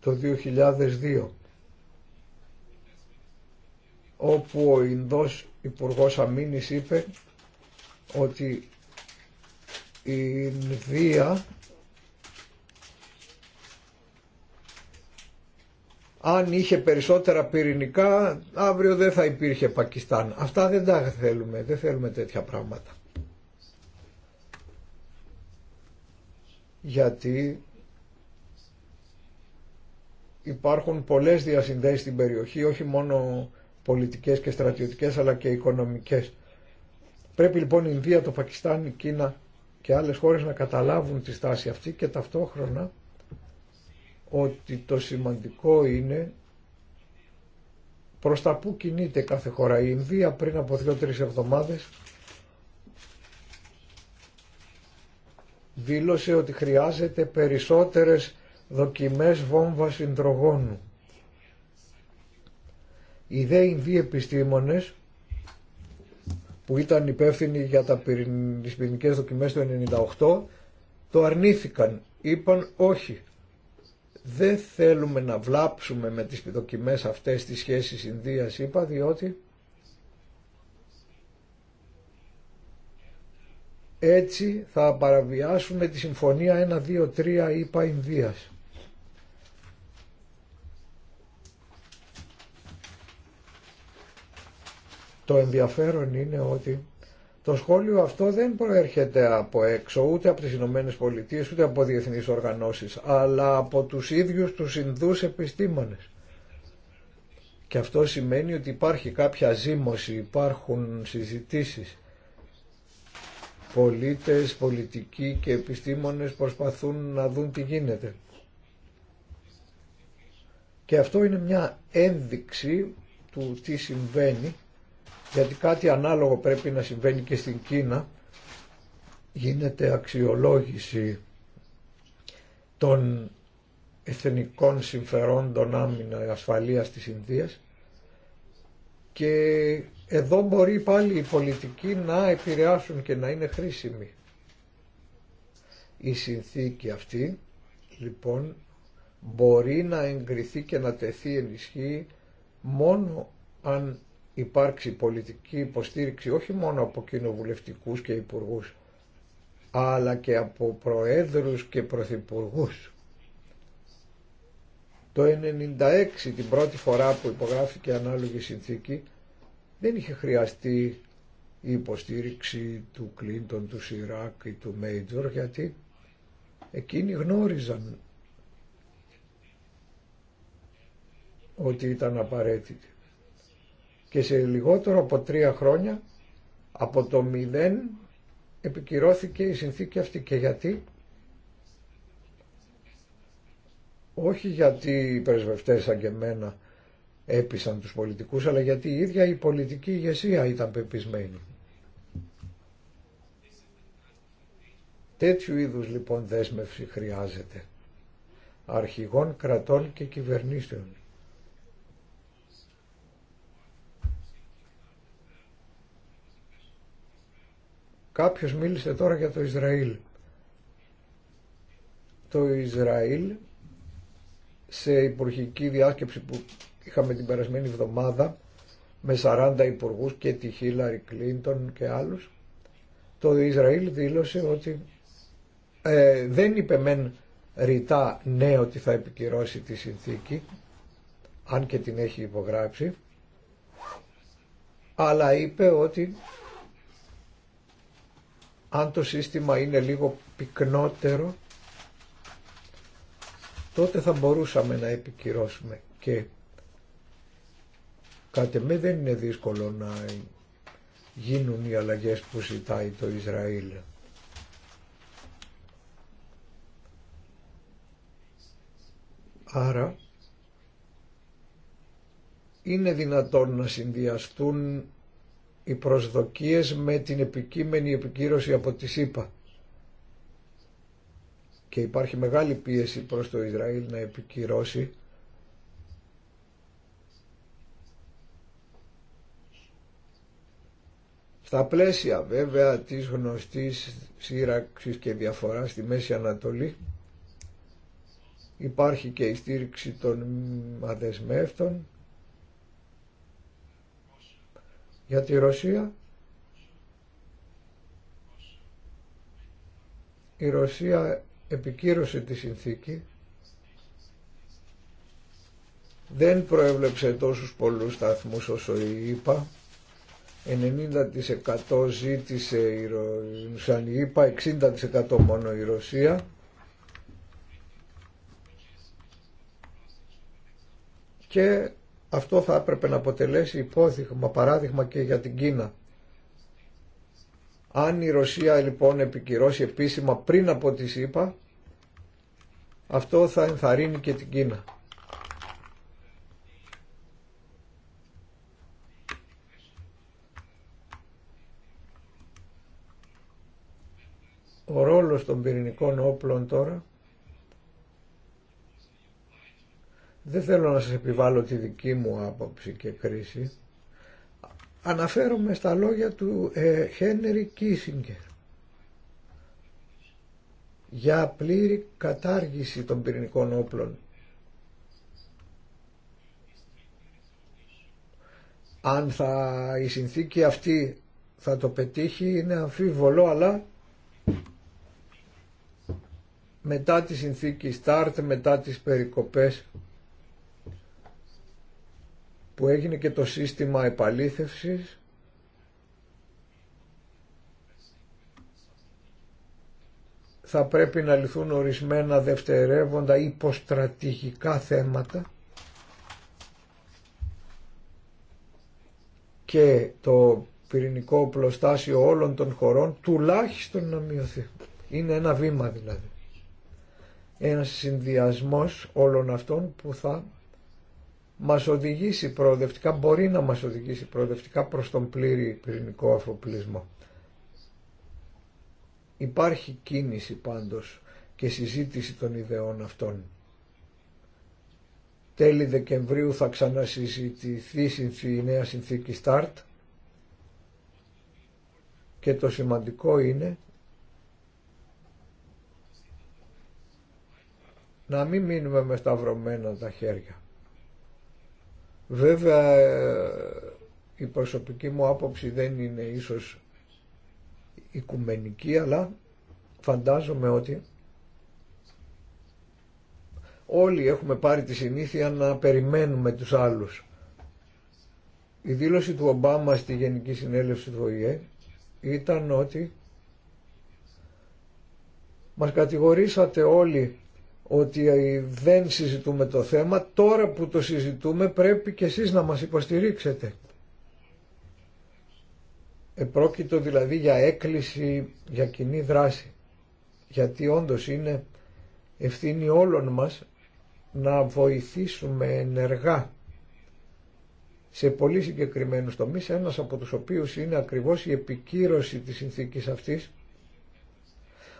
το 2002 όπου ο Ινδός Υπουργός Αμήνης είπε ότι η Ινδία αν είχε περισσότερα πυρηνικά αύριο δεν θα υπήρχε Πακιστάν. Αυτά δεν τα θέλουμε, δεν θέλουμε τέτοια πράγματα. Γιατί υπάρχουν πολλές διασυνδέσεις στην περιοχή, όχι μόνο πολιτικές και στρατιωτικές αλλά και οικονομικές. Πρέπει λοιπόν η Ινδία, το Πακιστάν, η Κίνα και άλλες χώρες να καταλάβουν τη στάση αυτή και ταυτόχρονα ότι το σημαντικό είναι προς τα που κινείται κάθε χώρα. Η Ινδία πριν απο δυο δυο-τρεις εβδομάδες δήλωσε ότι χρειάζεται περισσότερες δοκιμές βόμβα συντρογόνου. Οι δε Ινδοί επιστήμονες που ήταν υπεύθυνοι για τα πυρηνικές δοκιμές του 1998 το αρνήθηκαν. Είπαν όχι, δεν θέλουμε να βλάψουμε με τις δοκιμές αυτές τις σχέσεις Ινδίας είπα διότι έτσι θα παραβιάσουμε τη συμφωνία 1, 2, 3 είπα Ινδίας. Το ενδιαφέρον είναι ότι το σχόλιο αυτό δεν προέρχεται από έξω, ούτε από τις Ηνωμένε Πολιτείε, ούτε από διεθνείς οργανώσεις, αλλά από τους ίδιους τους Ινδούς επιστήμονες. Και αυτό σημαίνει ότι υπάρχει κάποια ζήμωση, υπάρχουν συζητήσεις. Πολίτες, πολιτικοί και επιστήμονες προσπαθούν να δουν τι γίνεται. Και αυτό είναι μια ένδειξη του τι συμβαίνει γιατί κάτι ανάλογο πρέπει να συμβαίνει και στην Κίνα γίνεται αξιολόγηση των εθνικών συμφερόντων άμυνα ασφαλείας της Ινδίας και εδώ μπορεί πάλι οι πολιτικοί να επηρεάσουν και να είναι χρήσιμοι. Η συνθήκη αυτή λοιπόν μπορεί να εγκριθεί και να τεθεί ενισχύει μόνο αν υπάρξει πολιτική υποστήριξη όχι μόνο από κοινοβουλευτικούς και υπουργούς αλλά και από προέδρους και πρωθυπουργούς. Το 1996 την πρώτη φορά που υπογράφηκε ανάλογη συνθήκη δεν είχε χρειαστεί η υποστήριξη του Κλίντον, του Σιράκ ή του Μέιτζορ γιατί εκείνοι γνώριζαν ότι ήταν απαραίτητη και σε λιγότερο από τρία χρόνια από το μηδέν επικυρώθηκε η συνθήκη αυτή και γιατί όχι γιατί οι πρεσβευτές σαν και εμένα έπεισαν τους πολιτικούς αλλά γιατί η ίδια η πολιτική ηγεσία ήταν πεπισμένη τέτοιου είδους λοιπόν δέσμευση χρειάζεται αρχηγών κρατών και κυβερνήσεων Κάποιος μίλησε τώρα για το Ισραήλ. Το Ισραήλ σε υπουργική διάσκεψη που είχαμε την περασμένη εβδομάδα με 40 υπουργούς και τη Χίλαρη Κλίντον και άλλους το Ισραήλ δήλωσε ότι ε, δεν είπε μεν ρητά ναι ότι θα επικυρώσει τη συνθήκη αν και την έχει υπογράψει αλλά είπε ότι αν το σύστημα είναι λίγο πυκνότερο, τότε θα μπορούσαμε να επικυρώσουμε και κάτι με δεν είναι δύσκολο να γίνουν οι αλλαγές που ζητάει το Ισραήλ. Άρα είναι δυνατόν να συνδυαστούν οι προσδοκίες με την επικείμενη επικύρωση από τη ΣΥΠΑ. Και υπάρχει μεγάλη πίεση προς το Ισραήλ να επικυρώσει Στα πλαίσια βέβαια της γνωστής σύραξης και διαφορά στη Μέση Ανατολή υπάρχει και η στήριξη των αδεσμεύτων Για τη Ρωσία, η Ρωσία επικύρωσε τη συνθήκη, δεν προέβλεψε τόσους πολλούς σταθμούς όσο η ΕΠΑ, 90% ζήτησε η Ρωσία, η 60% μόνο η Ρωσία, και αυτό θα έπρεπε να αποτελέσει υπόδειγμα, παράδειγμα και για την Κίνα. Αν η Ρωσία λοιπόν επικυρώσει επίσημα πριν από τη ΣΥΠΑ, αυτό θα ενθαρρύνει και την Κίνα. Ο ρόλος των πυρηνικών όπλων τώρα Δεν θέλω να σας επιβάλλω τη δική μου άποψη και κρίση. Αναφέρομαι στα λόγια του ε, Χένερι Κίσιγκερ για πλήρη κατάργηση των πυρηνικών όπλων. Αν θα, η συνθήκη αυτή θα το πετύχει είναι αμφίβολο, αλλά μετά τη συνθήκη Start, μετά τις περικοπές που έγινε και το σύστημα επαλήθευσης θα πρέπει να λυθούν ορισμένα δευτερεύοντα υποστρατηγικά θέματα και το πυρηνικό πλωστάσιο όλων των χωρών τουλάχιστον να μειωθεί. Είναι ένα βήμα δηλαδή. Ένας συνδυασμός όλων αυτών που θα μας οδηγήσει προοδευτικά, μπορεί να μας οδηγήσει προοδευτικά προς τον πλήρη πυρηνικό αφοπλισμό. Υπάρχει κίνηση πάντως και συζήτηση των ιδεών αυτών. Τέλη Δεκεμβρίου θα ξανασυζητηθεί η νέα συνθήκη START και το σημαντικό είναι να μην μείνουμε με σταυρωμένα τα χέρια. Βέβαια ε, η προσωπική μου άποψη δεν είναι ίσως οικουμενική αλλά φαντάζομαι ότι όλοι έχουμε πάρει τη συνήθεια να περιμένουμε τους άλλους. Η δήλωση του Ομπάμα στη Γενική Συνέλευση του ΟΗΕ ήταν ότι μας κατηγορήσατε όλοι ότι δεν συζητούμε το θέμα, τώρα που το συζητούμε πρέπει και εσείς να μας υποστηρίξετε. Επρόκειτο δηλαδή για έκκληση, για κοινή δράση, γιατί όντως είναι ευθύνη όλων μας να βοηθήσουμε ενεργά σε πολύ συγκεκριμένους τομείς, ένας από τους οποίους είναι ακριβώς η επικύρωση της συνθήκης αυτής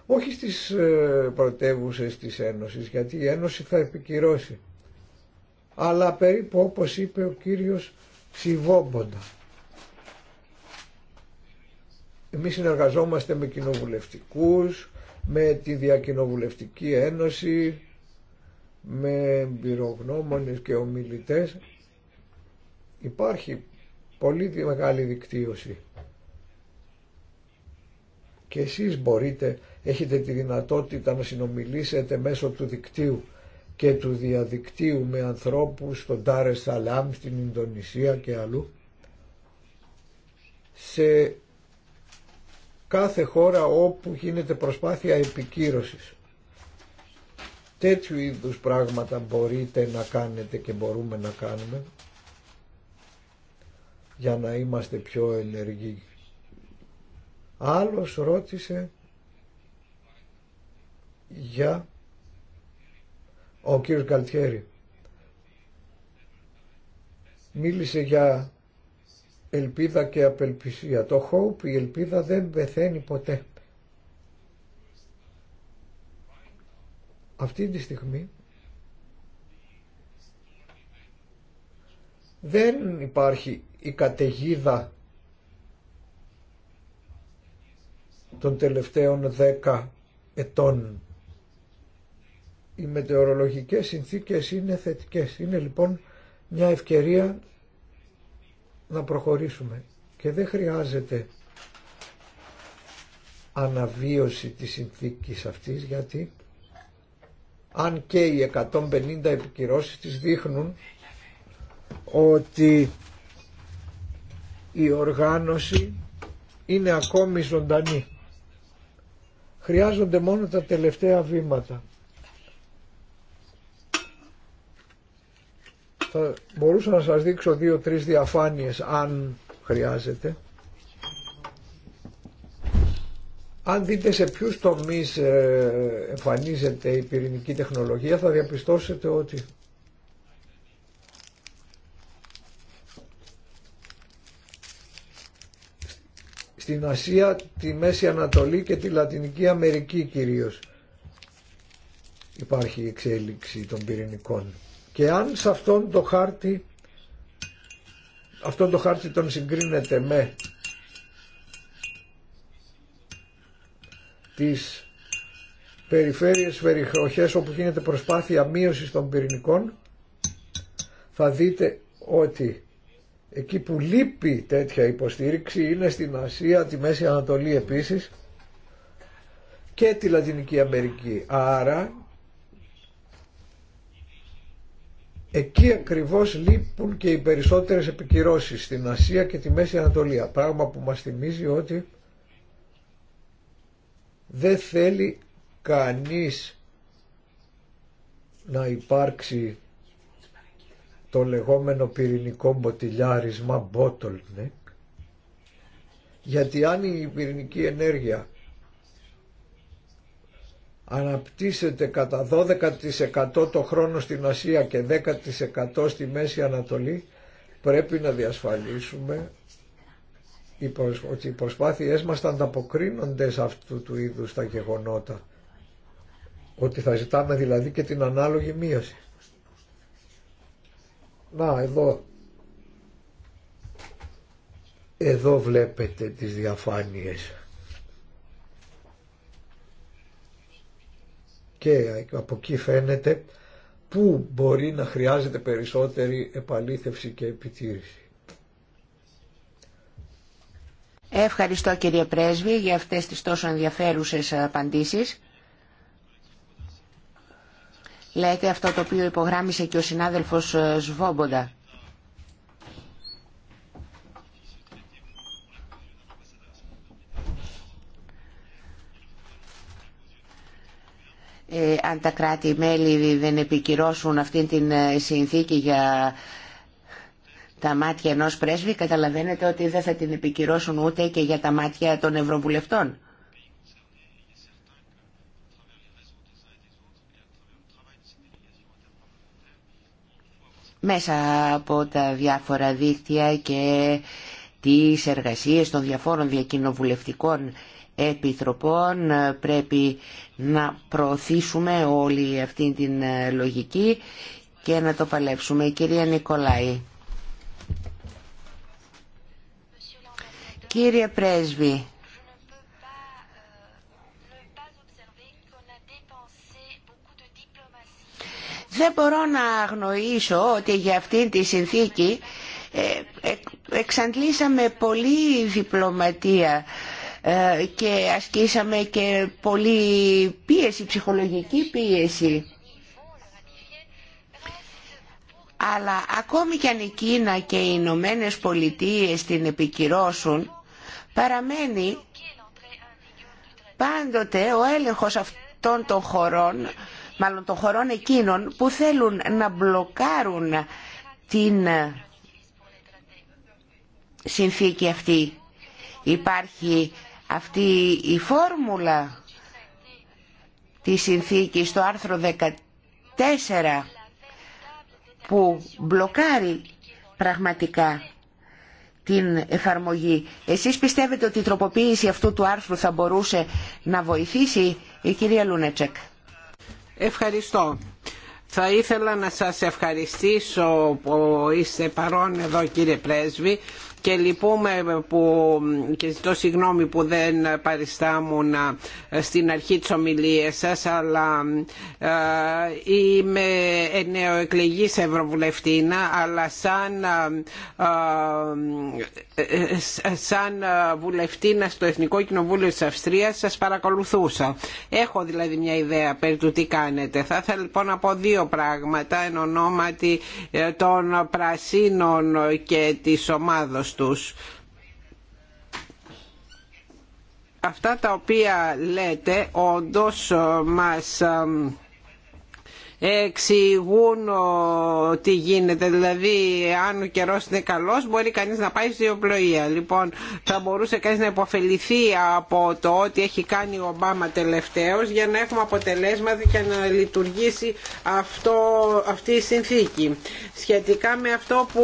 όχι στις ε, πρωτεύουσες της Ένωσης, γιατί η Ένωση θα επικυρώσει, αλλά περίπου όπως είπε ο κύριος Σιβόμποντα. Εμείς συνεργαζόμαστε με κοινοβουλευτικούς, με τη Διακοινοβουλευτική Ένωση, με εμπειρογνώμονες και ομιλητές. Υπάρχει πολύ μεγάλη δικτύωση. Και εσείς μπορείτε έχετε τη δυνατότητα να συνομιλήσετε μέσω του δικτύου και του διαδικτύου με ανθρώπους στον Τάρε Σαλάμ, στην Ινδονησία και αλλού. Σε κάθε χώρα όπου γίνεται προσπάθεια επικύρωσης. Τέτοιου είδους πράγματα μπορείτε να κάνετε και μπορούμε να κάνουμε για να είμαστε πιο ενεργοί. Άλλος ρώτησε για ο κύριος Γκαλτιέρη μίλησε για ελπίδα και απελπισία. Το hope, η ελπίδα δεν πεθαίνει ποτέ. Αυτή τη στιγμή δεν υπάρχει η καταιγίδα των τελευταίων δέκα ετών οι μετεωρολογικές συνθήκες είναι θετικές. Είναι λοιπόν μια ευκαιρία να προχωρήσουμε και δεν χρειάζεται αναβίωση της συνθήκης αυτής γιατί αν και οι 150 επικυρώσεις της δείχνουν ότι η οργάνωση είναι ακόμη ζωντανή. Χρειάζονται μόνο τα τελευταία βήματα. Θα μπορούσα να σας δείξω δύο-τρεις διαφάνειες αν χρειάζεται. Αν δείτε σε ποιους τομείς ε, εμφανίζεται η πυρηνική τεχνολογία θα διαπιστώσετε ότι στην Ασία, τη Μέση Ανατολή και τη Λατινική Αμερική κυρίως υπάρχει εξέλιξη των πυρηνικών. Και αν σε αυτόν το χάρτη, αυτόν το χάρτη τον συγκρίνεται με τις περιφέρειες, περιοχές όπου γίνεται προσπάθεια μείωσης των πυρηνικών, θα δείτε ότι εκεί που λείπει τέτοια υποστήριξη είναι στην Ασία, τη Μέση Ανατολή επίσης και τη Λατινική Αμερική. Άρα Εκεί ακριβώς λείπουν και οι περισσότερες επικυρώσεις στην Ασία και τη Μέση Ανατολία. Πράγμα που μας θυμίζει ότι δεν θέλει κανείς να υπάρξει το λεγόμενο πυρηνικό μποτιλιάρισμα bottleneck γιατί αν η πυρηνική ενέργεια αναπτύσσεται κατά 12% το χρόνο στην Ασία και 10% στη Μέση Ανατολή, πρέπει να διασφαλίσουμε ότι οι προσπάθειές μας θα ανταποκρίνονται σε αυτού του είδους τα γεγονότα. Ότι θα ζητάμε δηλαδή και την ανάλογη μείωση. Να, εδώ, εδώ βλέπετε τις διαφάνειες. και από εκεί φαίνεται πού μπορεί να χρειάζεται περισσότερη επαλήθευση και επιτήρηση. Ευχαριστώ κύριε Πρέσβη για αυτές τις τόσο ενδιαφέρουσες απαντήσεις. Λέτε αυτό το οποίο υπογράμμισε και ο συνάδελφος Σβόμποντα. Ε, αν τα κράτη-μέλη δεν επικυρώσουν αυτήν την ε, συνθήκη για τα μάτια ενός πρέσβη, καταλαβαίνετε ότι δεν θα την επικυρώσουν ούτε και για τα μάτια των Ευρωβουλευτών. Μέσα από τα διάφορα δίκτυα και τις εργασίες των διαφόρων διακοινοβουλευτικών επιτροπών πρέπει να προωθήσουμε όλη αυτή την ε, λογική και να το παλέψουμε. Η κυρία Νικολάη. Κύριε Πρέσβη, δεν μπορώ να αγνοήσω ότι για αυτήν τη συνθήκη ε, ε, εξαντλήσαμε πολύ διπλωματία ε, και ασκήσαμε και πολύ πίεση, ψυχολογική πίεση. Αλλά ακόμη κι αν η Κίνα και οι Ηνωμένε Πολιτείε την επικυρώσουν, παραμένει πάντοτε ο έλεγχος αυτών των χωρών, μάλλον των χωρών εκείνων που θέλουν να μπλοκάρουν την συνθήκη αυτή. Υπάρχει αυτή η φόρμουλα τη συνθήκη στο άρθρο 14 που μπλοκάρει πραγματικά την εφαρμογή. Εσείς πιστεύετε ότι η τροποποίηση αυτού του άρθρου θα μπορούσε να βοηθήσει η κυρία Λούνετσεκ. Ευχαριστώ. Θα ήθελα να σας ευχαριστήσω που είστε παρόν εδώ κύριε Πρέσβη και λυπούμε που, και ζητώ συγγνώμη που δεν παριστάμουν ε, στην αρχή της ομιλίας σας αλλά ε, είμαι νεοεκλεγής Ευρωβουλευτήνα αλλά σαν, ε, σαν βουλευτήνα στο Εθνικό Κοινοβούλιο της Αυστρίας σας παρακολουθούσα. Έχω δηλαδή μια ιδέα περί του τι κάνετε. Θα ήθελα λοιπόν να πω δύο πράγματα εν ονόματι των Πρασίνων και της ομάδος Αυτά τα οποία λέτε όντως μας εξηγούν τι γίνεται. Δηλαδή, αν ο καιρός είναι καλός, μπορεί κανείς να πάει στη διοπλοεία. Λοιπόν, θα μπορούσε κανείς να υποφεληθεί από το ότι έχει κάνει ο Ομπάμα τελευταίος για να έχουμε αποτελέσματα και να λειτουργήσει αυτό, αυτή η συνθήκη. Σχετικά με αυτό που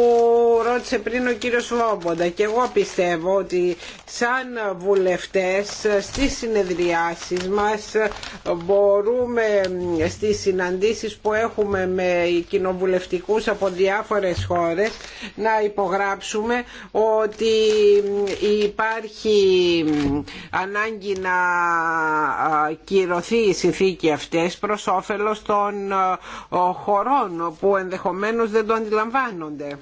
ρώτησε πριν ο κύριος Λόμποντα και εγώ πιστεύω ότι σαν βουλευτές στις συνεδριάσεις μας μπορούμε στις συναντήσεις που έχουμε με οι κοινοβουλευτικούς από διάφορες χώρες να υπογράψουμε ότι υπάρχει ανάγκη να κυρωθεί η συνθήκη αυτές προς όφελος των ε, χωρών που ενδεχομένως δεν το αντιλαμβάνονται.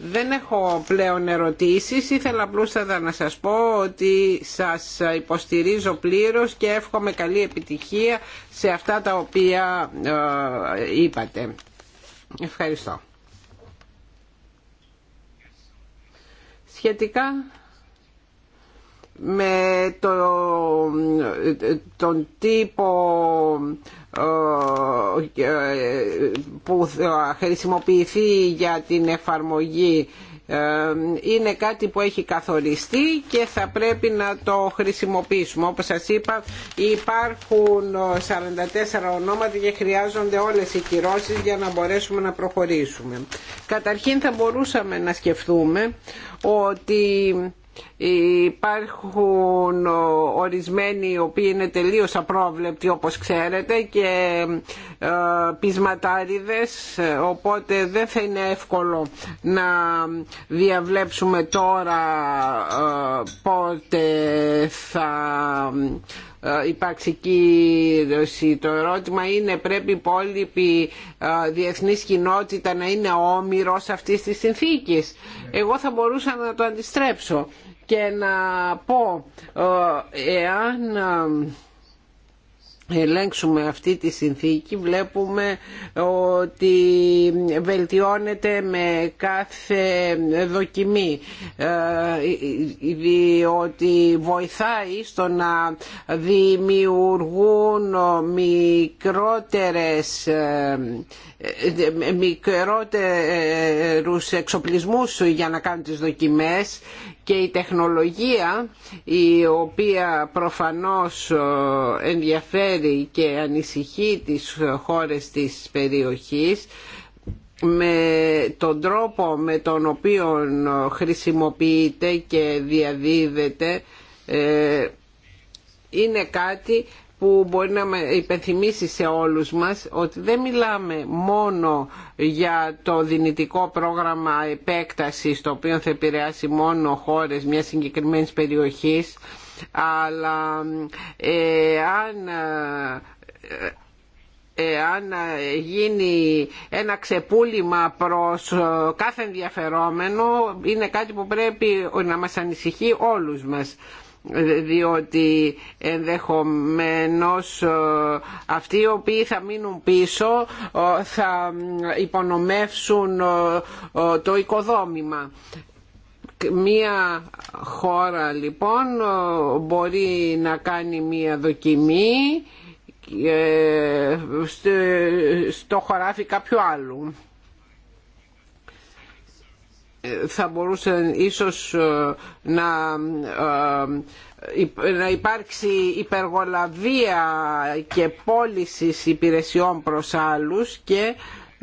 Δεν έχω πλέον ερωτήσεις, ήθελα απλούστατα να σας πω ότι σας υποστηρίζω πλήρως και εύχομαι καλή επιτυχία σε αυτά τα οποία ε, είπατε. Ευχαριστώ. Σχετικά με το, τον τύπο ε, που θα χρησιμοποιηθεί για την εφαρμογή ε, είναι κάτι που έχει καθοριστεί και θα πρέπει να το χρησιμοποιήσουμε. Όπως σας είπα υπάρχουν 44 ονόματα και χρειάζονται όλες οι κυρώσεις για να μπορέσουμε να προχωρήσουμε. Καταρχήν θα μπορούσαμε να σκεφτούμε ότι Υπάρχουν ορισμένοι οι οποίοι είναι τελείως απρόβλεπτοι όπως ξέρετε και ε, πεισματάριδες οπότε δεν θα είναι εύκολο να διαβλέψουμε τώρα ε, πότε θα ε, υπάρξει κύρωση. Το ερώτημα είναι πρέπει η υπόλοιπη διεθνής κοινότητα να είναι όμοιρος αυτής της συνθήκης. Εγώ θα μπορούσα να το αντιστρέψω και να πω ε, εάν ε, ελέγξουμε αυτή τη συνθήκη βλέπουμε ότι βελτιώνεται με κάθε δοκιμή ε, διότι βοηθάει στο να δημιουργούν μικρότερες μικρότερους εξοπλισμούς για να κάνουν τις δοκιμές και η τεχνολογία η οποία προφανώς ενδιαφέρει και ανησυχεί τις χώρες της περιοχής με τον τρόπο με τον οποίο χρησιμοποιείται και διαδίδεται ε, είναι κάτι που μπορεί να με υπενθυμίσει σε όλους μας ότι δεν μιλάμε μόνο για το δυνητικό πρόγραμμα επέκτασης το οποίο θα επηρεάσει μόνο χώρες μιας συγκεκριμένης περιοχής αλλά ε, αν ε, αν γίνει ένα ξεπούλημα προς κάθε ενδιαφερόμενο είναι κάτι που πρέπει να μας ανησυχεί όλους μας διότι ενδεχομένως ε, αυτοί οι οποίοι θα μείνουν πίσω ε, θα ε, υπονομεύσουν το οικοδόμημα. Μία χώρα λοιπόν μπορεί να κάνει μία δοκιμή στο χωράφι κάποιου άλλου θα μπορούσε ίσως ε, να ε, να υπάρξει υπεργολαβία και πώληση υπηρεσιών προς άλλους και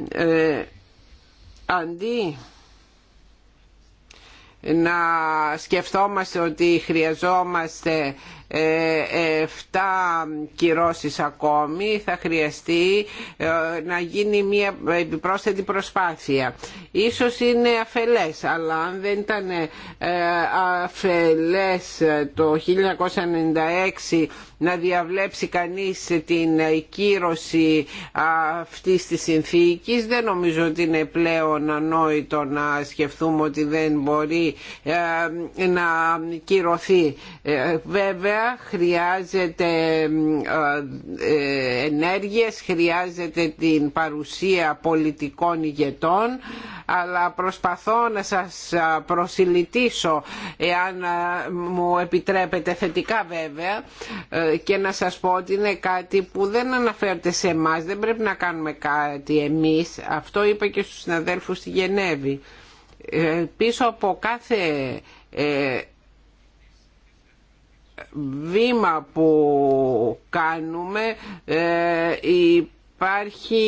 ε, αντί να σκεφτόμαστε ότι χρειαζόμαστε 7 ε, κυρώσεις ακόμη θα χρειαστεί ε, να γίνει μια επιπρόσθετη προσπάθεια. Ίσως είναι αφελές αλλά αν δεν ήταν ε, αφελές το 1996 να διαβλέψει κανείς την κύρωση αυτής της συνθήκης δεν νομίζω ότι είναι πλέον ανόητο να σκεφτούμε ότι δεν μπορεί να κυρωθεί. Βέβαια χρειάζεται ε, ε, ενέργειες, χρειάζεται την παρουσία πολιτικών ηγετών αλλά προσπαθώ να σας προσιλητήσω εάν μου επιτρέπετε θετικά βέβαια ε, και να σας πω ότι είναι κάτι που δεν αναφέρεται σε εμά, δεν πρέπει να κάνουμε κάτι εμείς αυτό είπα και στους συναδέλφους στη Γενέβη πίσω από κάθε βήμα που κάνουμε ε, υπάρχει,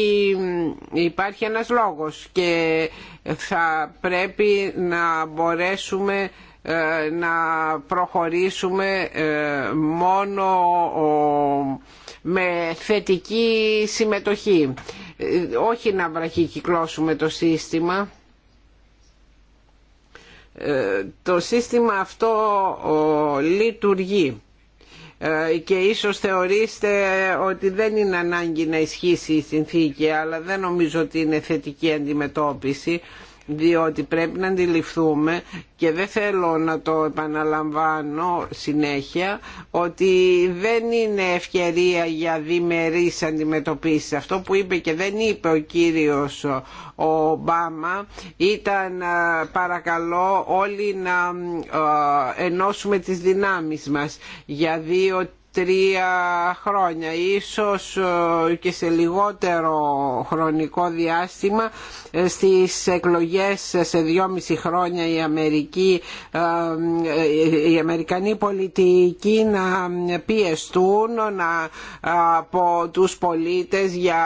υπάρχει ένας λόγος και θα πρέπει να μπορέσουμε ε, να προχωρήσουμε ε, μόνο με θετική συμμετοχή. Όχι να βραχικυκλώσουμε το σύστημα. Ε, το σύστημα αυτό λειτουργεί ε, και ίσως θεωρήστε ότι δεν είναι ανάγκη να ισχύσει η συνθήκη αλλά δεν νομίζω ότι είναι θετική αντιμετώπιση διότι πρέπει να αντιληφθούμε και δεν θέλω να το επαναλαμβάνω συνέχεια ότι δεν είναι ευκαιρία για διμερείς αντιμετωπίσεις. Αυτό που είπε και δεν είπε ο κύριος Ομπάμα ήταν παρακαλώ όλοι να ενώσουμε τις δυνάμεις μας για τρία χρόνια ίσως ε, και σε λιγότερο χρονικό διάστημα ε, στις εκλογές σε δυόμιση χρόνια η Αμερική η ε, Αμερικανοί πολιτικοί να πιεστούν να, από τους πολίτες για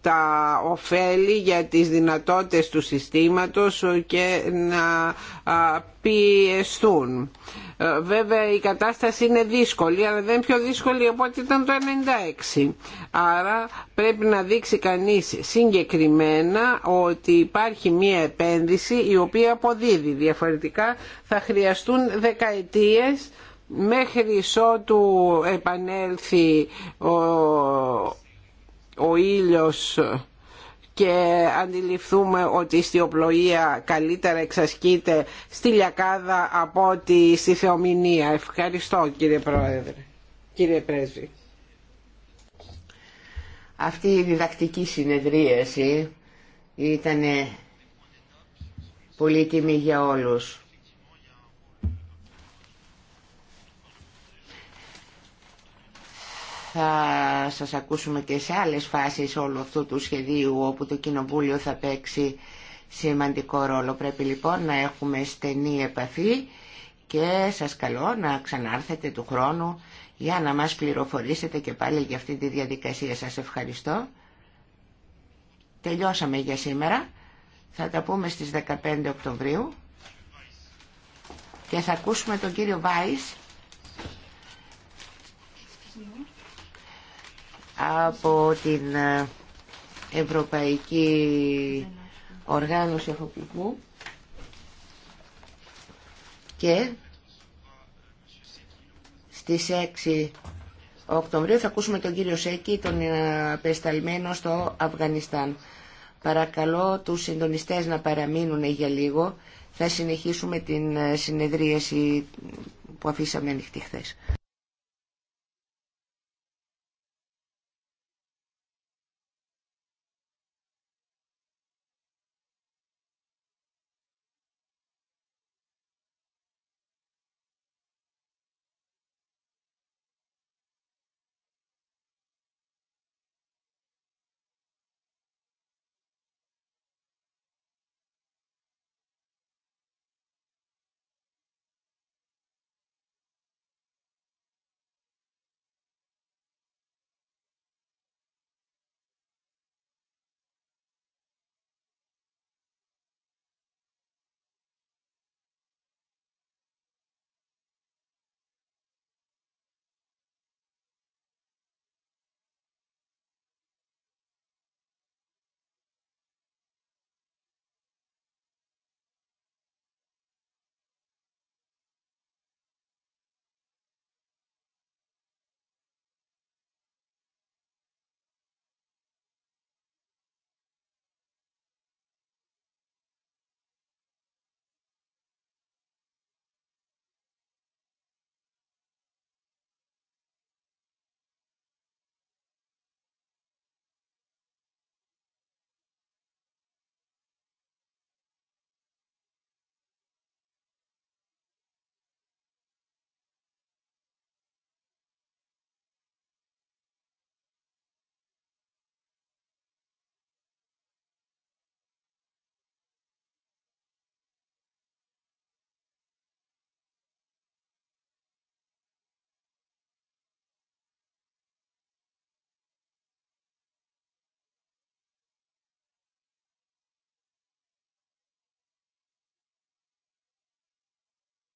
τα ωφέλη για τις δυνατότητες του συστήματος και να πιεστούν. Ε, βέβαια η κατάσταση είναι δύσκολη, αλλά δεν είναι πιο δύσκολη από ό,τι ήταν το 1996. Άρα πρέπει να δείξει κανείς συγκεκριμένα ότι υπάρχει μία επένδυση η οποία αποδίδει. Διαφορετικά θα χρειαστούν δεκαετίες μέχρι ότου επανέλθει ο, ο ήλιος και αντιληφθούμε ότι η ιστιοπλοεία καλύτερα εξασκείται στη Λιακάδα από ότι στη Θεομηνία. Ευχαριστώ κύριε Πρόεδρε, κύριε Πρέσβη. Αυτή η διδακτική συνεδρίαση ήταν πολύτιμη για όλους. θα σας ακούσουμε και σε άλλες φάσεις όλου αυτού του σχεδίου όπου το Κοινοβούλιο θα παίξει σημαντικό ρόλο. Πρέπει λοιπόν να έχουμε στενή επαφή και σας καλώ να ξανάρθετε του χρόνου για να μας πληροφορήσετε και πάλι για αυτή τη διαδικασία. Σας ευχαριστώ. Τελειώσαμε για σήμερα. Θα τα πούμε στις 15 Οκτωβρίου και θα ακούσουμε τον κύριο Βάης από την ε, Ευρωπαϊκή Οργάνωση Αφοπλισμού και στις 6 Οκτωβρίου θα ακούσουμε τον κύριο Σέκη, τον ε, απεσταλμένο στο Αφγανιστάν. Παρακαλώ τους συντονιστές να παραμείνουν για λίγο. Θα συνεχίσουμε την ε, συνεδρίαση που αφήσαμε ανοιχτή χθες.